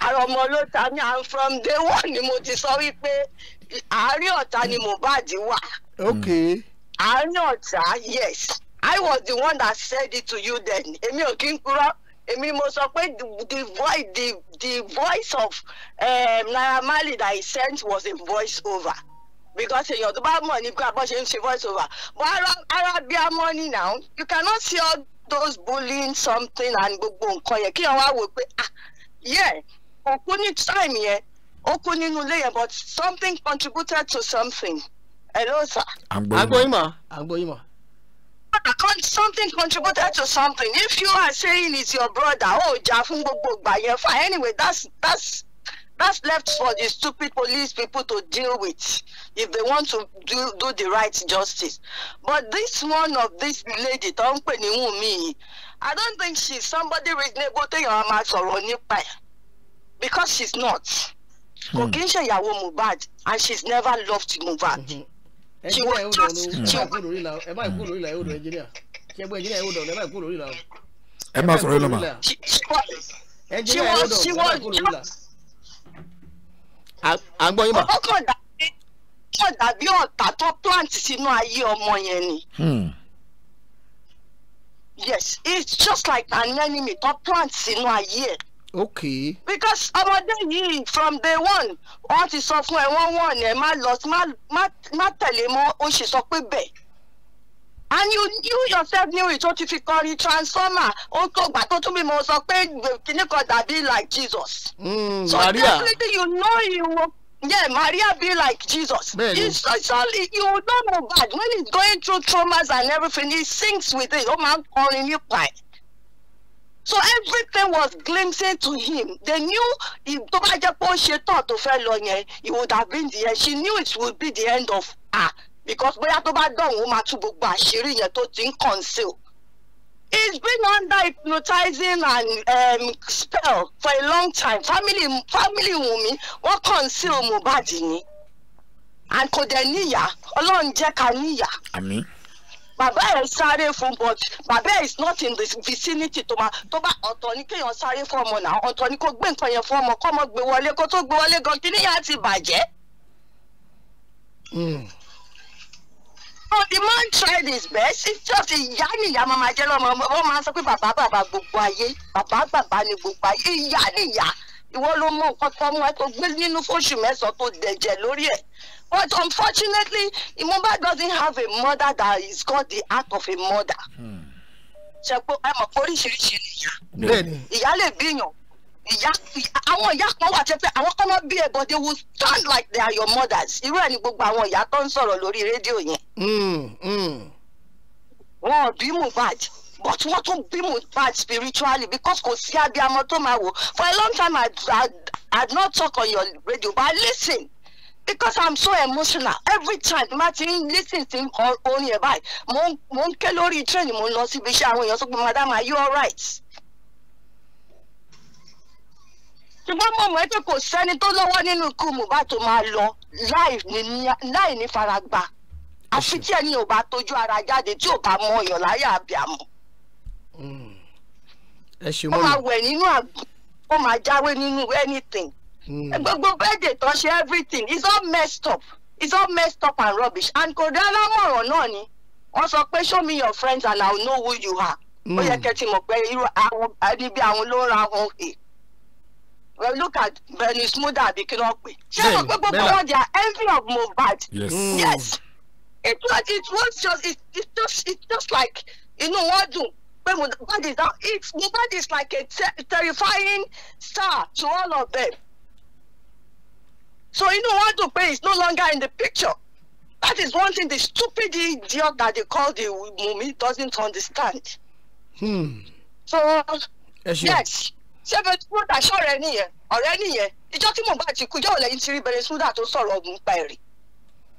ara ọmọ ló ta mí and from day one ni mo ti sọ wípé àárín ọ̀tá ni Mohbad wà. àárín ọ̀tá yes I was the one that said it to you then èmi ò kí ń purọ́ èmi ni mo sọ pé the voice the the voice of um, Marley that he sent was a voice over because èèyàn tó bá mọ̀ nípa bó ṣe ń ṣe voice over but ara ara bí a mọ́ ní now you cannot see all those bullying something and gbogbo nǹkan yẹn kí wọ́n wá wò pé ah yeah òkú ní time yẹn O kú nínú ilé yẹn but something contributed to something hello sir. àgbọ̀yìnmọ̀ something contributed to something if you are saying it's your brother oh jà fún gbogbo fine anyway that's that's that's left for the stupid police people to deal with if they want to do, do the right justice but this one of this lady tó ń I don't think she's somebody reasonable téèyàn máa sọ̀rọ̀ nípa ẹ̀ because she's not kò hmm. kí ń ṣèyàwó and she's never loved Mohbad. Mm -hmm ẹjẹ ẹ ó dọ̀nù ẹ má kú lórí ìlà ẹ má kú lórí ìlà ẹ ó dọ̀nù ẹnjìníà ṣe ẹgbẹ́ ẹnjìníà ẹ ó dọ̀nù ẹ má kú lórí ìlà o. ẹ má sọ̀rọ̀ ẹ lọ́mà. ẹnjìníà ẹ ó dọ̀nù ẹ má kú lórí ìlà. à ń gbọ́ yín mà. ó kàn dàbí ọ̀tá tó plant sínú ayé ọmọ yẹn ni. Hmm. yes it's just like an enemy tó plant sínú ayé ẹ̀ okay. because ọmọdé yìí from day one wọ́n ti sọ fún ẹ wọ́n wọ̀n ẹ má lọ má tẹ̀lé mọ́ ó sì sọ pé bẹ́ẹ̀ and you you yourself knew it ó ti fi kọrin transformer ó tó gbà tó tún bí mo sọ pé kìnnì kan dàbí like jesus. Mm, so Maria. definitely you know you yeah Maria be like jesus. bẹ́ẹ̀ni it's actually you know bad when he's going through traumas and everything he sings with it ó máa ń kọrin nípa ẹ̀ so everything was glimpsing to him they knew tó bá jẹ́ pé ó ṣe tán tó fẹ́ lọ yẹn it would have been the end she knew it would be the end of her because bóyá tó bá dọ̀hún ó máa tú gbogbo àṣírí yẹn tó ti ń conceal he's been under hypnotizing and um, spell for a long time family family Wunmi wọ́n conceal Mohbad ni and kò dẹ̀ níyà Ọlọ́run jẹ́ ká níyà. àmín bàbá ẹ̀ sáré fún but bàbá ẹ̀ is not in the vicinity tó máa tó bá ọ̀tọ̀ ni kéèyàn sáré fún ọmọ náà ọ̀tọ̀ ni kó gbé nǹkan yẹn fún ọmọ kọ́mọ gbé wọlé kó tó gbé wọlé gan kí níyà ti bàjẹ́. Hmm. So the man tried his best it's just ìyá ni ìyá máa máa jẹ́ lọ́mọ wọ́n máa sọ pé bàbá bàbá gbogbo ayé bàbá bàbá ni gbogbo ayé ìyá ni ìwọ ló mọ nǹkan tó ẹ tó gbé nínú fóṣù mẹ́sàn tó dẹ̀jẹ̀ lórí ẹ̀ but unfortunately Imoba doesn't have a mother that is called the act of a mother hmm. ṣe pé ẹ mọ̀ pé oríṣiríṣi nìyá ìyá lè bíyàn ìyá àwọn ìyá kan wà tẹ́tẹ́ àwọn kan máa bí ẹ but they will stand like they are your mothers irú ẹ̀ ni gbogbo àwọn ìyá tó ń sọ̀rọ̀ lórí rédíò yẹn hmm, hmm. wọn ò bí Mohbad but wọ́n tún bímọ bad spiritually because kò sí abiyamọ tó máa wò for a long time I, I, I not talk on your radio but I listen because I'm so emotional every time má ti ń listen sí orin ẹ̀ báyìí mo ń ké lórí train mo ń lọ síbi iṣẹ́ àwọn èèyàn sọ pé madam are you alright? ṣùgbọ́n mo mọ̀ ẹ́ pé kò sẹ́ni tó lọ́wọ́ nínú ikú Mohbad tó máa lọ láì ní faragbá àfi tí ẹni ò bá tójú ara jáde tí ò bá mọ ọyàn láyà àbíàmọ ẹ ṣe mọ́ mi. ó máa wẹ̀ nínú àgbo ó máa jáwé nínú anything. Hmm. gbogbo bẹ́ẹ̀dẹ̀ tó ṣe everything is all messed up is all messed up and rubbish and kò dá lámọ̀ràn náà ni wọ́n sọ pé show me your friends and I will know who you are. Hmm. ó yẹ kẹ́ ti mọ̀ pé irú àwọn ẹni bí àwọn ló ń ra wọn he well look at Benny Smoother àbí kí ló pè. ṣé o pé gbogbo wọn they are envy of Mohbad. yes. Mm. yes. it was it was just it, it just it just like inú wọn dùn pé Mohbad is now it's Mohbad is like a te terrifying star to all of them so inú wọn dùn pé it's no longer in the picture that is one thing the stupid idiot that they call the Wunmi doesn't understand. Hmm. so yes. yes ṣé bẹ tí wọn daṣọ rẹ nìyẹn ọ̀rẹ́ nìyẹn ìjọ tí Mohbad ti kú ìjọ òlẹyìn ti rí bẹ̀rẹ̀ sódà tó sọ̀rọ̀ ọgùn pa ẹrí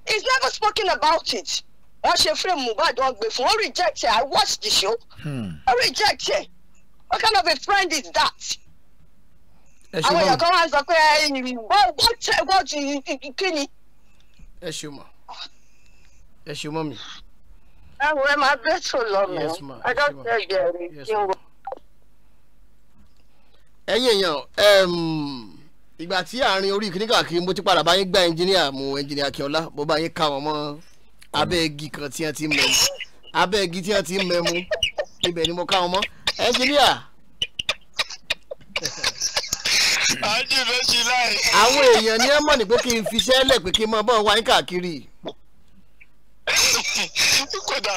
he's never spoken about it wọ́n ṣe fíìmù Mohbad wọ́n gbé fún wọ́n reject it I watch the show wọ́n hmm. reject it what kind of a friend is that? àwọn èèyàn kan wá sọ pé eh, wọ́n kí ni. ẹ ṣe mọ ẹ ṣe mọ mi. ẹ wo ẹ máa bẹ́ẹ̀ tó lọ mọ́ ọjọ́ kẹjọ rẹ̀ kí n wọ. ẹ̀yin èèyàn ìgbà tí àárín orí kìnnìkan kí mo ti padà bá yín gba ẹnjìníà mo ẹnjìníà Akínọlá mo bá yín ká wọn mọ́ abẹ́ igi kan tí wọ́n ti mọ̀ ẹ́ abẹ́ igi tí wọ́n ti mọ̀ ẹ́ mú ibẹ̀ ni mo ká wọn mọ́ ẹnjìníà. àwọn èèyàn ni ẹ mọ̀ ní pé kí n fi iṣẹ́ lẹ̀ pé kí n mọ bọ́ wáyé káàkiri. kódà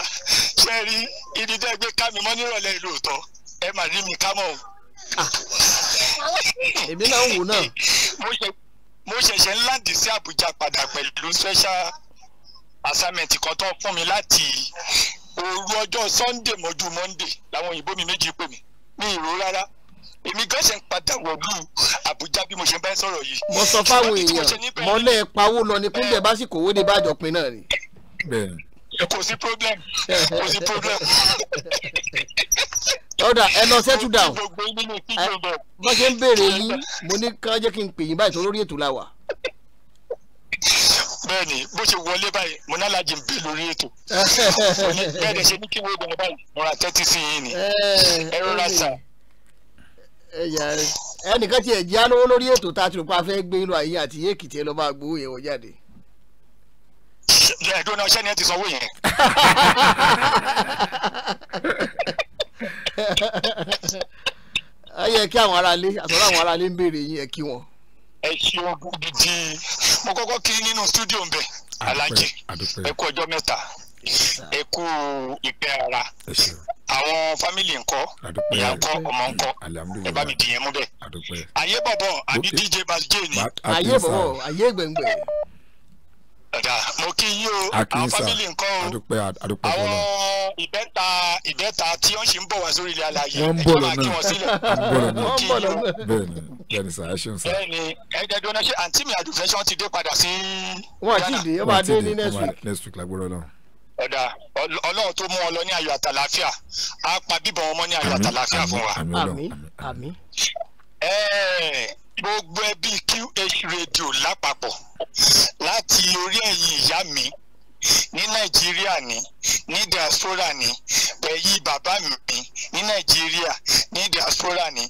ṣe rí ibi tẹ́ gbé ká mi mọ́ nírọ̀lẹ́ ìlú òótọ́ ẹ mà rí mi ká mọ́ o. Ah. èmi náà ń wò náà. mo ṣẹ̀ṣẹ̀ ń láǹdì sí Àbújá padà pẹ̀lú special assignment kan tó fún mi láti òru ọjọ́ sunday mọ́jú monday làwọn òyìnbó mi méjì pè mí ní ìró rárá èmi gan ṣe ń padà wọ̀lú àbújá bí mo ṣe bá ń sọ̀rọ̀ yìí. mo sọ fáwọn èèyàn mọ́lẹ̀ pawó lọ ní kúndẹ̀ bá sì kówó dé bá àjọpin náà ni. kò sí problem kò sí problem. ọ̀dà ẹ lọ settle down bọ́n ṣe ń béèrè yín mo ní ká jẹ́ kí n pè yín báyìí tó lórí ètò la wà bẹ́ẹ̀ni bó ṣe wọlé báyìí mo ní alájí ń bẹ lórí ètò bẹ́ẹ̀ni ṣe ní kí wọ́n gbọ́n báyìí mo ra tẹ́tí sí yín ni eh, ẹ rọra eh, sà. Eh, ẹnìkan tiẹ̀ jẹ́ alówó lórí ètò tá a ti rò pé a fẹ́ gbé inú ayé àti èkìtì ẹ lọ́ọ́ máa gbowó yẹn wọ́n jáde ẹ̀ẹ́dọ́nà ọ̀ṣẹ́ ni ẹ ti sanwó yẹn. ẹ kí àwọn aráalé àtọ́lá àwọn aráalé ń béèrè yín ẹ kí wọn ẹ ṣe ogun gidi mo kọ́kọ́ kí nínú studio ń bẹ ẹ kú ọjọ́ mẹ́ta ẹ kú ìpẹ́ ara àwọn fámìlì ńkọ́ ìyá ńkọ́ ọmọ ńkọ́ ẹ bá mi dìyẹn mú bẹ ayé bọ̀bọ̀ àbí dj basjé ni. ayé bọ̀bọ̀ ayé gbẹ̀ngbẹ̀ ọ̀dà mo kí yí o àwọn fámìlì nǹkan o àwọn ìbẹ́ta ìbẹ́ta tí wọ́n sì ń bọ̀ wá sórí ilé aláyé ẹ̀ kí wọ́n sílẹ̀ mo kí yí o bẹ́ẹ̀ni sà ẹ ṣeun sà. bẹ́ẹ̀ni ẹgbẹ dọnà ṣe àǹtí mi àdùfẹ́ ṣé wọ́n ti dé padà sí. wọn àti ìdè ọba adé ní next week. next week lágbóró náà. ọ̀dà ọlọ́run tó mú ọ lọ ní ayọ̀ àtàlàáfíà á pa bíbọn ọmọ ní ayọ̀ àtàlàáfíà fún wa. àmín àmín. gbogbo ẹbí QH radio lápapọ̀ láti orí ẹ̀yìn ìyá mi ní nàìjíríà ni ní diaspora ni ẹ̀yin bàbá mi ní nàìjíríà ní diaspora ni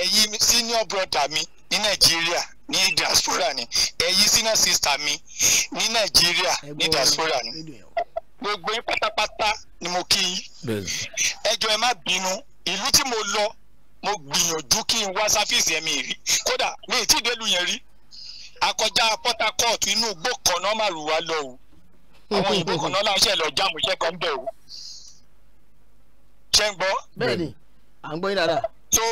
ẹ̀yin senior brother mi ní nàìjíríà ní diaspora ni ẹ̀yin senior sister mi ní nàìjíríà ní diaspora ni gbogbo yín pátápátá ni mo kí yín ẹ jọ̀ọ́ ẹ má bínú ìlú tí mo lọ mo gbìyànjú kí n wá sáfíìsì ẹ̀mí rí kódà mi ì tí ì délùú yẹn rí akọjá Port Harcourt inú igbó kan náà lọ o àwọn òyìnbó kan náà láṣẹ lọ jáàmù iṣẹ́ kan bẹ̀ o ṣe ń gbọ́. bẹ́ẹ̀ni à ń gbọ́ yín dáadáa. so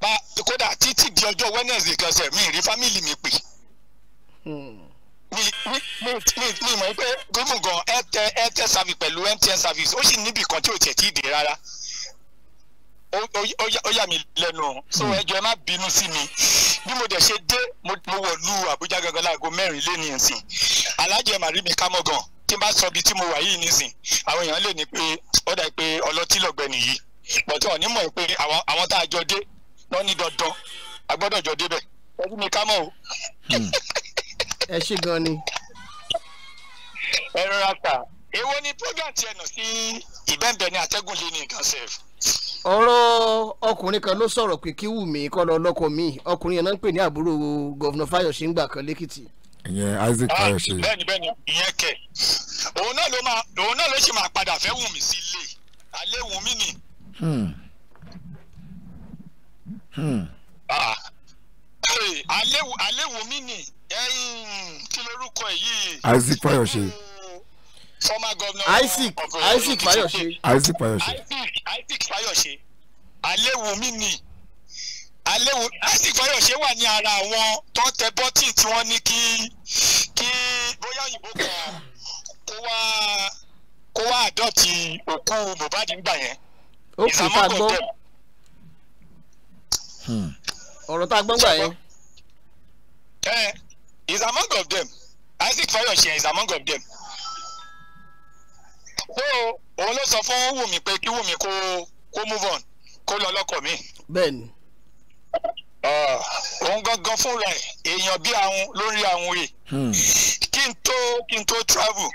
bá kódà títí di ọjọ́ Wednesday kan mi rí fámìlì mi pè. Hmm. mi mọ̀ pé gómìnà ẹ tẹ ẹ tẹ service pẹ̀lú MTN service ó sì níbì kan tí ò tẹ̀ tí ì dé rárá ó yà mí lẹ́nu so hmm. ẹjọ́ ẹ má bínú sí mi bí mo dẹ̀ ṣe dé mo wọ̀lú Àbújá gangan láago mẹ́rin lé ní ìsìn alájẹ màrí mi ká mọ́gàn tí n bá sọ ibi tí mo wà yìí nísìn àwọn èèyàn lè ní pé ó dà pé ọlọ́tí lọ́gbẹ́ni yìí bọ̀ tí wọ́n ní mọ̀ pé àwọn tá a jọ dé wọ́n ní dandan a gbọ́dọ̀ jọ débẹ̀ ẹbí mi ká mọ̀ o. Hmm. ẹ ṣe gan ni. ẹ rọra ta èwo ni program ti ẹ̀nà sí ìbẹ̀ǹbẹ̀ ni atẹ́gùn lé ní nǹkan sẹ́ẹ̀fù ọ̀rọ̀ ọkùnrin kan ló sọ̀rọ̀ pé kí Wùmí kọ́ lọ lọ́kọ mi ọkùnrin yẹn náà ń pè ní àbúrò gọ́vnà Fáyọ̀ṣe ń gbà kan lẹ́kìtì. ìyẹn Isaac ah, Fáyọ̀ṣe. bẹ́ẹ̀ni bẹ́ẹ̀ni ìyẹn kẹ òun náà ló máa òun náà ló ṣe máa padà fẹ́ Wùmí sí ilé alẹ́ Wùmí ni. Hmm. Hmm. Ah. alẹ́ Wùmí ni kí lorúkọ yìí. Isaac Fáyọ̀ṣe. Hmm former governor Isaac uh, Isaac Fayose Isaac Fayose Isaac Fayose Alewumi ni Alewu Isaac Fayose wà ní ara àwọn tó ń tẹ bọ́tì tí wọ́n ní kí kí bóyá òyìnbó kan kó wá kó wá àdọ́tì òkú Mohbad hmm. ń gbà yẹn ó kì í ká gbọ́ ọ̀rọ̀ tá a gbọ́ yẹn. ẹ is among of them Isaac Fayose is among of them so òun ló sọ fún wùmí pé kí wùmí kó kó move on kó lọ lọ́kọ mi. bẹ́ẹ̀ni. òun gangan fúnra ẹ̀ èèyàn bí àwọn lórí àwọn rè hmm. kí n tó kí n tó travel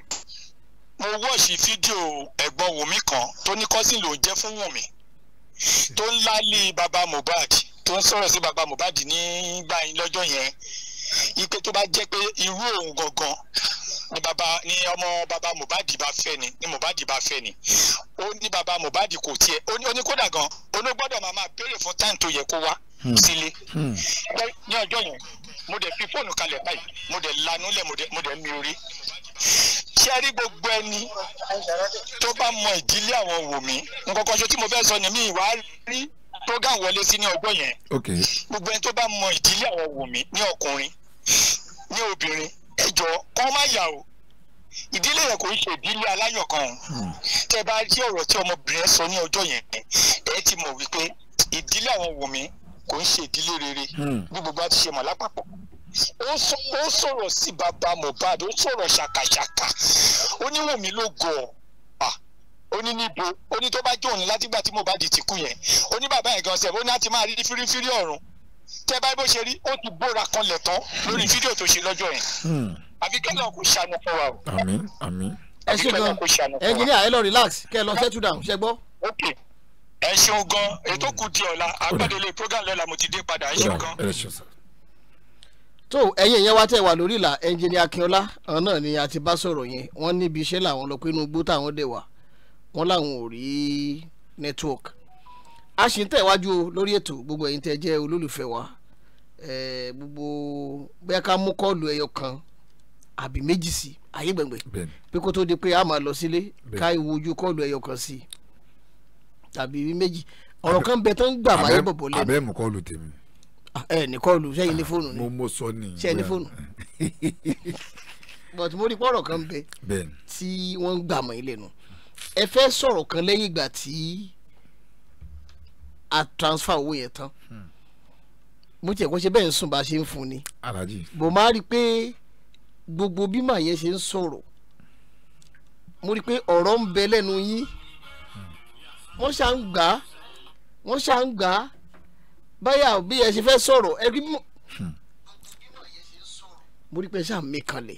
mo wọ́ọ̀ṣì fídíò ẹ̀gbọ́n wùmí kan tó ní kọ́sìn ló ń jẹ́ fún wùmí tó ń lálé baba Mohbad tó ń sọ̀rọ̀ sí baba Mohbad nígbà yín lọ́jọ́ yẹn ipe tó bá jẹ́ pé irú òun gangan ni baba ni ọmọ baba Mohbad bá fẹ́ ni ni Mohbad bá fẹ́ ni ó ní baba Mohbad kò tiẹ̀ ó ní kódà gan onígbọ́dọ̀ máa máa béèrè fún táìmù tó yẹ kó wá hmm. sílé hmm. ní ọjọ́ yẹn mo dẹ̀ fi fóònù kalẹ̀ báyìí mo dẹ̀ lanú lẹ̀ mo dẹ̀ mi orí ṣẹ́rí gbogbo ẹni tó bá mọ ìdílé àwọn Wùmí nǹkan kan ṣe tí mo fẹ́ sọ ni mi ìwà rí program wọlé sí ní ọgbọ́n yẹn gbogbo ẹni tó bá mọ ìdílé àwọn Wùmí ní ọkùnrin ní obìnrin ẹ jọ kọ́ má yà o ìdílé yẹn kò ń ṣe ìdílé aláyọ̀ kan hmm. tẹ bá rí ọ̀rọ̀ tí ọmọbìnrin sọ ní ọjọ́ yẹn ẹ ti mọ̀ wípé ìdílé àwọn Wùmí kò ń ṣe ìdílé rere hmm. bí gbogbo àti ṣe mọ̀ lápapọ̀ ó sọ̀rọ̀ sí bàbá Mohbad ó sọ̀rọ̀ ṣàkàṣàkà ó ní Wùmí ló gọ̀ ọ́ ó ní níbo ó ní tó bá jóun látìgbà tí Mohbad ti kú yẹn ó ní bàbá yẹn gan sẹ́ẹ̀ ó ní láti máa rí fírífírí ọ̀run tẹ báyìí bó ṣe rí ó ti bóra kanlẹ̀ tán lórí hmm. fídíò tó ṣe lọ́jọ́ yẹn hmm. àfi kẹ́lọ́ kò ṣàánú fún wa o. àmín àmín. ẹ ṣe gan ẹnjìníà ẹ lọ relax kẹ ẹ lọ settle down ṣe gbọ́. ok ẹ ṣeun gan ètò kù di ọ̀la àgbàdélé program lọ́la mo ti dé padà ẹ ṣeun gan. tó ẹ̀yin ìyẹn wá tẹ̀ wà lórí ìlà ẹnjìníà Akínọlá ọ̀hún náà ni a ti bá sọ̀rọ̀ yẹn wọ́n níbi iṣẹ́ làwọn lọ pé inú táwọn dẹ̀ wà wọ́n làwọn ò rí network a ṣì ń tẹ̀wájú lórí ètò gbogbo ẹ̀yin tẹ́ jẹ́ olólùfẹ́ wa gbogbo bẹ́ẹ̀ ká mú kọ́ọ̀lù ẹyọ kan àbí méjì sí ayé gbẹ̀ngbẹ̀ bí kò tó di pé a máa lọ sílé ká ìwo kọ́ọ̀lù ẹyọ kan sí tàbí méjì ọ̀rọ̀ kan bẹ tó ń gbà máa yẹ bọ̀bọ̀ lẹ́nu. àbẹ́ mú kọ́ọ̀lù tèmi. ẹ ní kọ́ọ̀lù sẹ́yìn ní fóònù ni mo mo sọ ni but mo rí pọ́ọ̀rọ̀ kan bẹ a transfer owó yẹn tán bó tiẹ̀ kó ṣe bẹ́ẹ̀ ń sùn bá a ṣe ń fún ni bò má rí i pé gbogbo bí màá yẹn ṣe ń sọ̀rọ̀ mo rí i pé ọ̀rọ̀ ń bẹ lẹ́nu yín wọ́n ṣà ń gbà á wọ́n ṣà ń gbà á báyà bí ẹ ṣe fẹ́ sọ̀rọ̀ ẹ rí mọ́ mo rí i pé ẹ ṣáà mí kanlẹ̀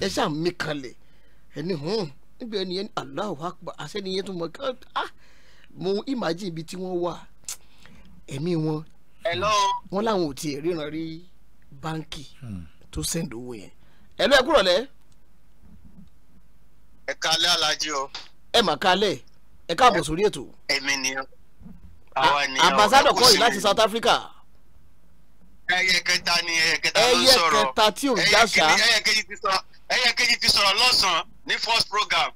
ẹ ṣáà mí kanlẹ̀ ẹni hùn níbi ẹni yẹn Allahu àṣẹ ni yẹn tó mọ̀ ká ah. mo imagine ibi tí wọ́n wà ẹ̀mí wọn wọn làwọn ò tiẹ̀ ríran rí báńkì hmm. tó sẹ́ńd owó yẹn ẹ lọ ẹ kúrọ̀ lẹ́. ẹ kalẹ́ alájí o. ẹ mà kalẹ́ ẹ káàbọ̀ sórí ètò. èmi ni àwa ni ambassador kọ́ yìí láti South Africa. ẹyẹ kẹta ni ẹyẹ kẹta ló ń ẹyẹ kẹta tí ò já sá. ẹyẹ kejì ti sọ̀rọ̀ lọ́sàn-án ní first program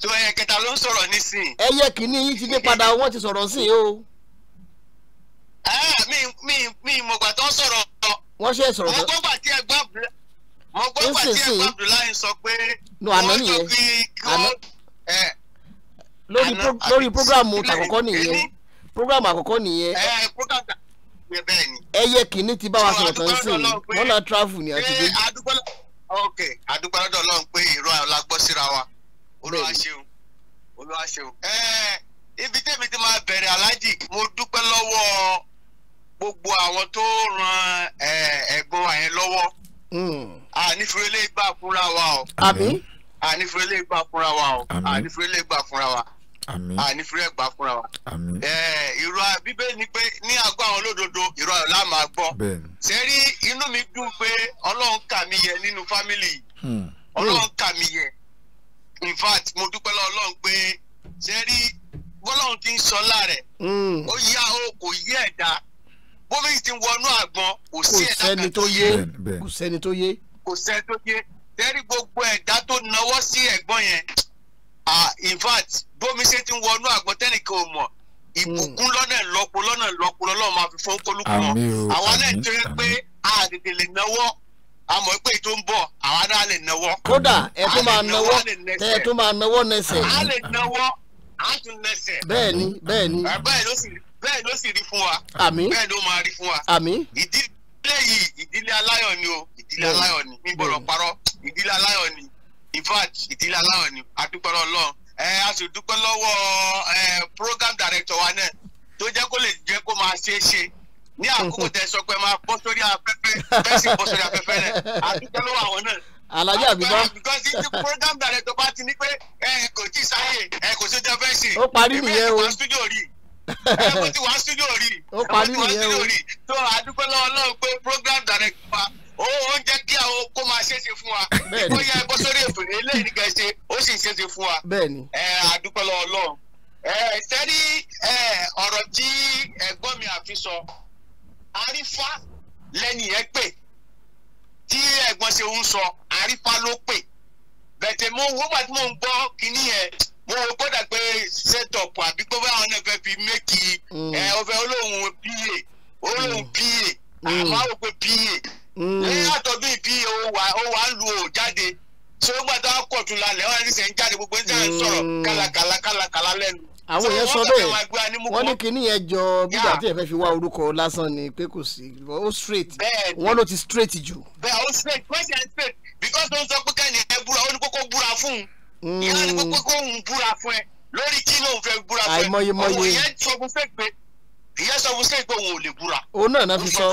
tó ẹyẹ kẹta ló ń sọ̀rọ̀ nísìnyí. ẹyẹ kìíní yìí ti dé padà wọ́n ti sọ̀rọ̀ sí i o. Ah, mi mi mi mọ̀gbà tó sọ̀rọ̀. wọ́n ṣe sọ̀rọ̀ tó. mo gbọ́gbà tí ẹgbẹ́ abdullahi mo gbọ́gbà tí ẹgbẹ́ abdullahi sọ pé. no àná nìyẹn àná lórí lórí programu àkọ́kọ́ nìyẹn programu àkọ́kọ́ nìyẹn ẹyẹ kìíní ti bá wa sọ̀rọ̀ tán sí i wọ́n náà travel ni àti dé. ok àdúgbò lọ́dọ̀ ọlọ́run pé ìró la gbọ́ síra wa olúwa ṣeun olúwa ṣeun. ibi tẹ́mi ti máa bẹ̀rẹ̀ aláàjì mo dúpẹ́ lọ́wọ́ gbogbo àwọn tó ran ẹ̀gbọ́n wa lọwọ lọ́wọ́ ànífúrélé hmm. gbà fúnra wa o ànífúrélé gbà fúnra wa o ànífúrélé gbà fúnra wa ànífúrélé gbà fúnra wa irú bíbélì ni pé ní àgọ́ àwọn olódodo irú ayọ̀ la máa gbọ́ sẹ́rí inú mi dùn pé ọlọ́run kà mí yẹ nínú fámìlì yìí hmm. ọlọ́run kà mí yẹ in fact mo dúpẹ́ lọ́wọ́ ọlọ́run pé sẹ́rí bọ́lọ́run ti ń sọ láàrẹ̀ hmm. ó yá o kò yí ẹ̀dá. bómi ti wọnú àgbọn kò sí ẹ̀dá kan kò sẹ́ni tó yé kò sẹ́ni tó yé tẹ́rí gbogbo ẹ̀dá tó náwó sí ẹ̀gbọ́n yẹn in fact bómi ṣe ti wọnú àgbọn tẹ́nìkan ò mọ̀ ìbùkún lọ́nà lọ́pọ̀ lọ́nà lọ́pọ̀ lọ́nà máa fi fún kólúkù wọn àwọn náà ti rí pé a tètè lè náwó àmọ́ pé tó ń bọ̀ àwa náà lè náwó. kódà ẹ tó máa náwó ẹ tó máa náwó nẹsẹ̀. a lè náwó a tún nẹsẹ̀. bẹ́ẹ̀ni bẹ́ẹ̀ni. bẹ́ẹ̀ ló sì rí bẹ́ẹ̀ ló sì rí fún wa bẹ́ẹ̀ ló máa rí fún wa ìdílé yìí ìdílé aláyọ̀ ni o ìdílé aláyọ̀ ni mi gbọ́dọ̀ parọ́ ìdílé aláyọ̀ ni in fact ìdílé aláyọ̀ ni adúpẹ́ ọlọ́run ẹ a sì dúpẹ́ lọ́wọ́ ẹ program director wa náà tó jẹ́ kó lè jẹ́ kó máa ṣeé ṣe ní àkókò tẹ sọ pé máa bọ́ sórí afẹ́fẹ́ bẹ́ẹ̀ sì bọ́ sórí afẹ́fẹ́ rẹ̀ adúpẹ́ lọ́wọ́ àwọn náà alájà bí bá. because if the program director bá ti ní pé ẹ kò tí sáyè ẹ kò sí jẹ́ fẹ́ ṣe. ó parí nìyẹn o èmi ẹ̀ studio rí ẹ mo ti wá studio rí ẹ mo ti wá studio rí tó àdúgbò lọ́wọ́ náà pé program director wa ó ń jẹ́ kí àwọn kó máa ṣèṣe fún wa kó yẹ bọ́ sórí èfèrè eléyìí nìkan ṣe ó sì ń ṣèṣe fún wa ẹ àdúgbò lọ́wọ́ lọ́wọ́ ẹ sẹ́ni ọ̀rọ̀ tí ẹ̀gbọ́n mi àfi sọ àrífà lẹ́ni ẹ pè tí ẹ̀gbọ́n ṣe ń sọ àrífà ló pè bẹ̀tẹ̀ mo wọ́pàá tí mo ń gbọ́ kínní yẹn mo rò kódà pé set up àbí pé báwọn náà fẹ́ fi méjì ẹ ọfẹ olóhùn pa olóhùn pa àmọ́ àwọn pé pa lẹ́yìn mm. eh, àtọ́bí pa ó wà ń lu ò jáde ṣé ó gbàdá kọ̀tún lálẹ́ wọn ní sẹ́yìn jáde gbogbo ní sẹ́yìn sọ̀rọ̀ mm. kálakàlà kálakàlà lẹ́nu. àwọn èèyàn sọ bẹ́ẹ̀ wọ́n ní kinní yẹn jọ bígbà tí ẹ fẹ́ fi wá orúkọ lásán ni pé kò sí ó straight wọ́n ló ti straight jù. bẹ́ẹ̀ ó straight question straight because ó ń sọ pé kẹ́ni ẹ búra ó ní kókó búra fún un ìyá ni gbogbo kó ń búra fún ẹ lórí kí ló ń fẹ́ búra fún ẹ àìmọye mọye òun yẹn sọ fún fẹ́ pé ìyẹn òun ò lè búra. òun náà náà fi sọ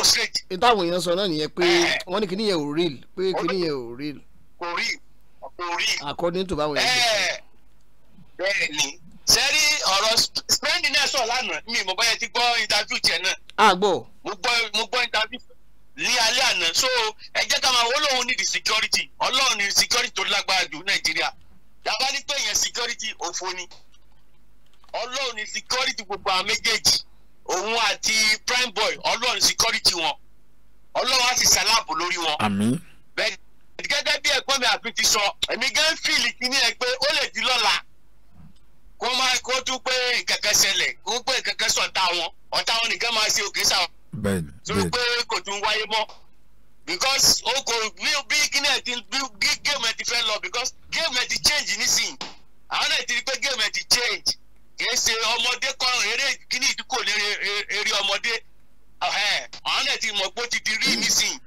ìtàwọn èèyàn sọ náà nìyẹn pé wọ́n ní kíní yẹn ò real pé kíní yẹn ò real. kò rí kò rí. according to báwọn èèyàn. bẹ́ẹ̀ ni sẹ́rí ọ̀rọ̀ spendi náà sọ lánàá mi mo bá yẹ ti gbọ́ interview tiẹ̀ náà. àgbọ̀. mo gbọ́ mo gbọ́ interview ní alẹ́ àná so ẹ jẹ́ ká máa wọ́n lóun ní the security ọlọ́run ní security tó lágbára jù Nàìjíríà tàbá ní pé security òfo ni ọlọ́run ni security gbogbo àwọn méjèèjì òun àti prime boy ọlọ́run security wọn ọlọ́run á sì ṣàlàbò lórí wọn. àmín. bẹ́ẹ̀ gẹ́gẹ́ bí ẹ̀gbọ́n mi àfi ti sọ èmi gan fìlì kíní ẹ pé ó lè di lọ́la kó máa kó tún pé ìkẹ̀kẹ́ ṣẹlẹ̀ kó pé ìkẹ̀kẹ́ sọ̀tà wọn ọ̀tá wọn nìkan máa ṣe òkè sáwọn. bẹ́ẹ̀ni bẹ́ẹ̀ni. torí pé kò tún wáyé mọ́ because o kò bí bí kíní ẹ ti bí game ẹ ti lọ because game ẹ ti change nísìnyí àwọn náà ti rí pé game ẹ ti change kìí ṣe ọmọdé kan eré kíní ìdíkò lè eré ọmọdé àwọn náà ti mọ̀ pé ó ti di rí nísìnyí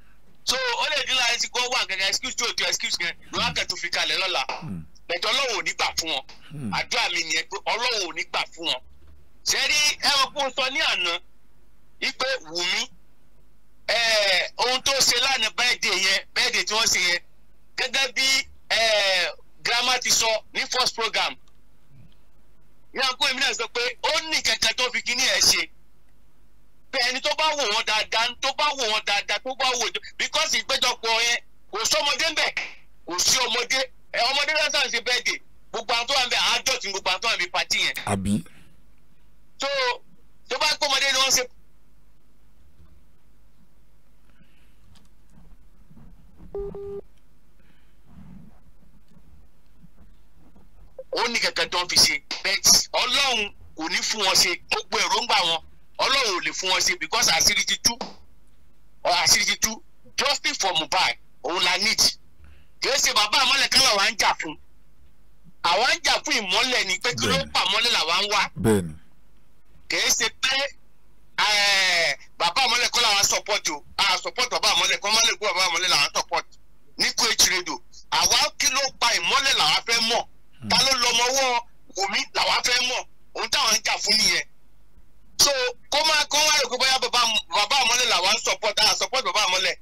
so ó lè dín láti go one gẹ́gẹ́ excuse tó excuse yẹn ló wá kẹtù fi kalẹ̀ lọ́la hmm. bẹ̀tẹ̀ ọlọ́wọ́ ò ní gbà fún wọn hmm. àdúrà mi nìyẹn pé ọlọ́wọ́ ò ní gbà fún wọn ṣẹ́rí ẹ̀rọ kó sọ ní àná wípé Wùmí day tí wọ́n ṣe yẹn gẹ́gẹ́ bí girama ti sọ ní first program yàgò èmi náà sọ pé ó ní kẹ̀kẹ́ tó fi kíní ẹ̀ ṣe bẹ́ẹ̀ ni tó bá wò wọ́n dáadáa tó bá wò wọ́n dáadáa tó bá wò because ìgbẹ́jọpọ̀ yẹn kò sọ́mọdé ńbẹ̀ kò sí ọmọdé ọmọdé lásán ṣe bẹ́ẹ̀ dé gbogbo àwọn tó wà ń àádọ́tì gbogbo àwọn tó wà ń bẹ yẹn. àbí. tó tó bá gbọ́mọdé ni wọ́n ṣe ó ní kankan tó ń fi ṣe bẹ́ẹ̀ ọlọ́run kò ní fún wọn ṣe gbogbo èròǹgbà wọn ọlọ́run ò lè fún wọn ṣe because àṣírí ti tú àṣírí ti tú justice for mobile, òun la need kìí ṣe bàbá àmọ́lẹ̀ kan làwọn ń jà fún àwọn ń jà fún ìmọ́lẹ̀ ni pé kí ló pàmọ́lẹ̀ làwọn ń wá kìí ṣe pé Eh, bàbá àmọ́lẹ̀ kọ́ làwọn support o a ah, support bàbá àmọ́lẹ̀ kọ́ mọ́lẹ̀ baba bàbá àmọ́lẹ̀ làwọn support ní kó etí àwa kí pa ìmọ́lẹ̀ làwọn fẹ́ mọ̀ hmm. ta ló lọ omi làwọn fẹ́ mọ̀ ohun táwọn ń jà fún nìyẹn so kó má kó wá rò pé bóyá bàbá support a ah, support bàbá àmọ́lẹ̀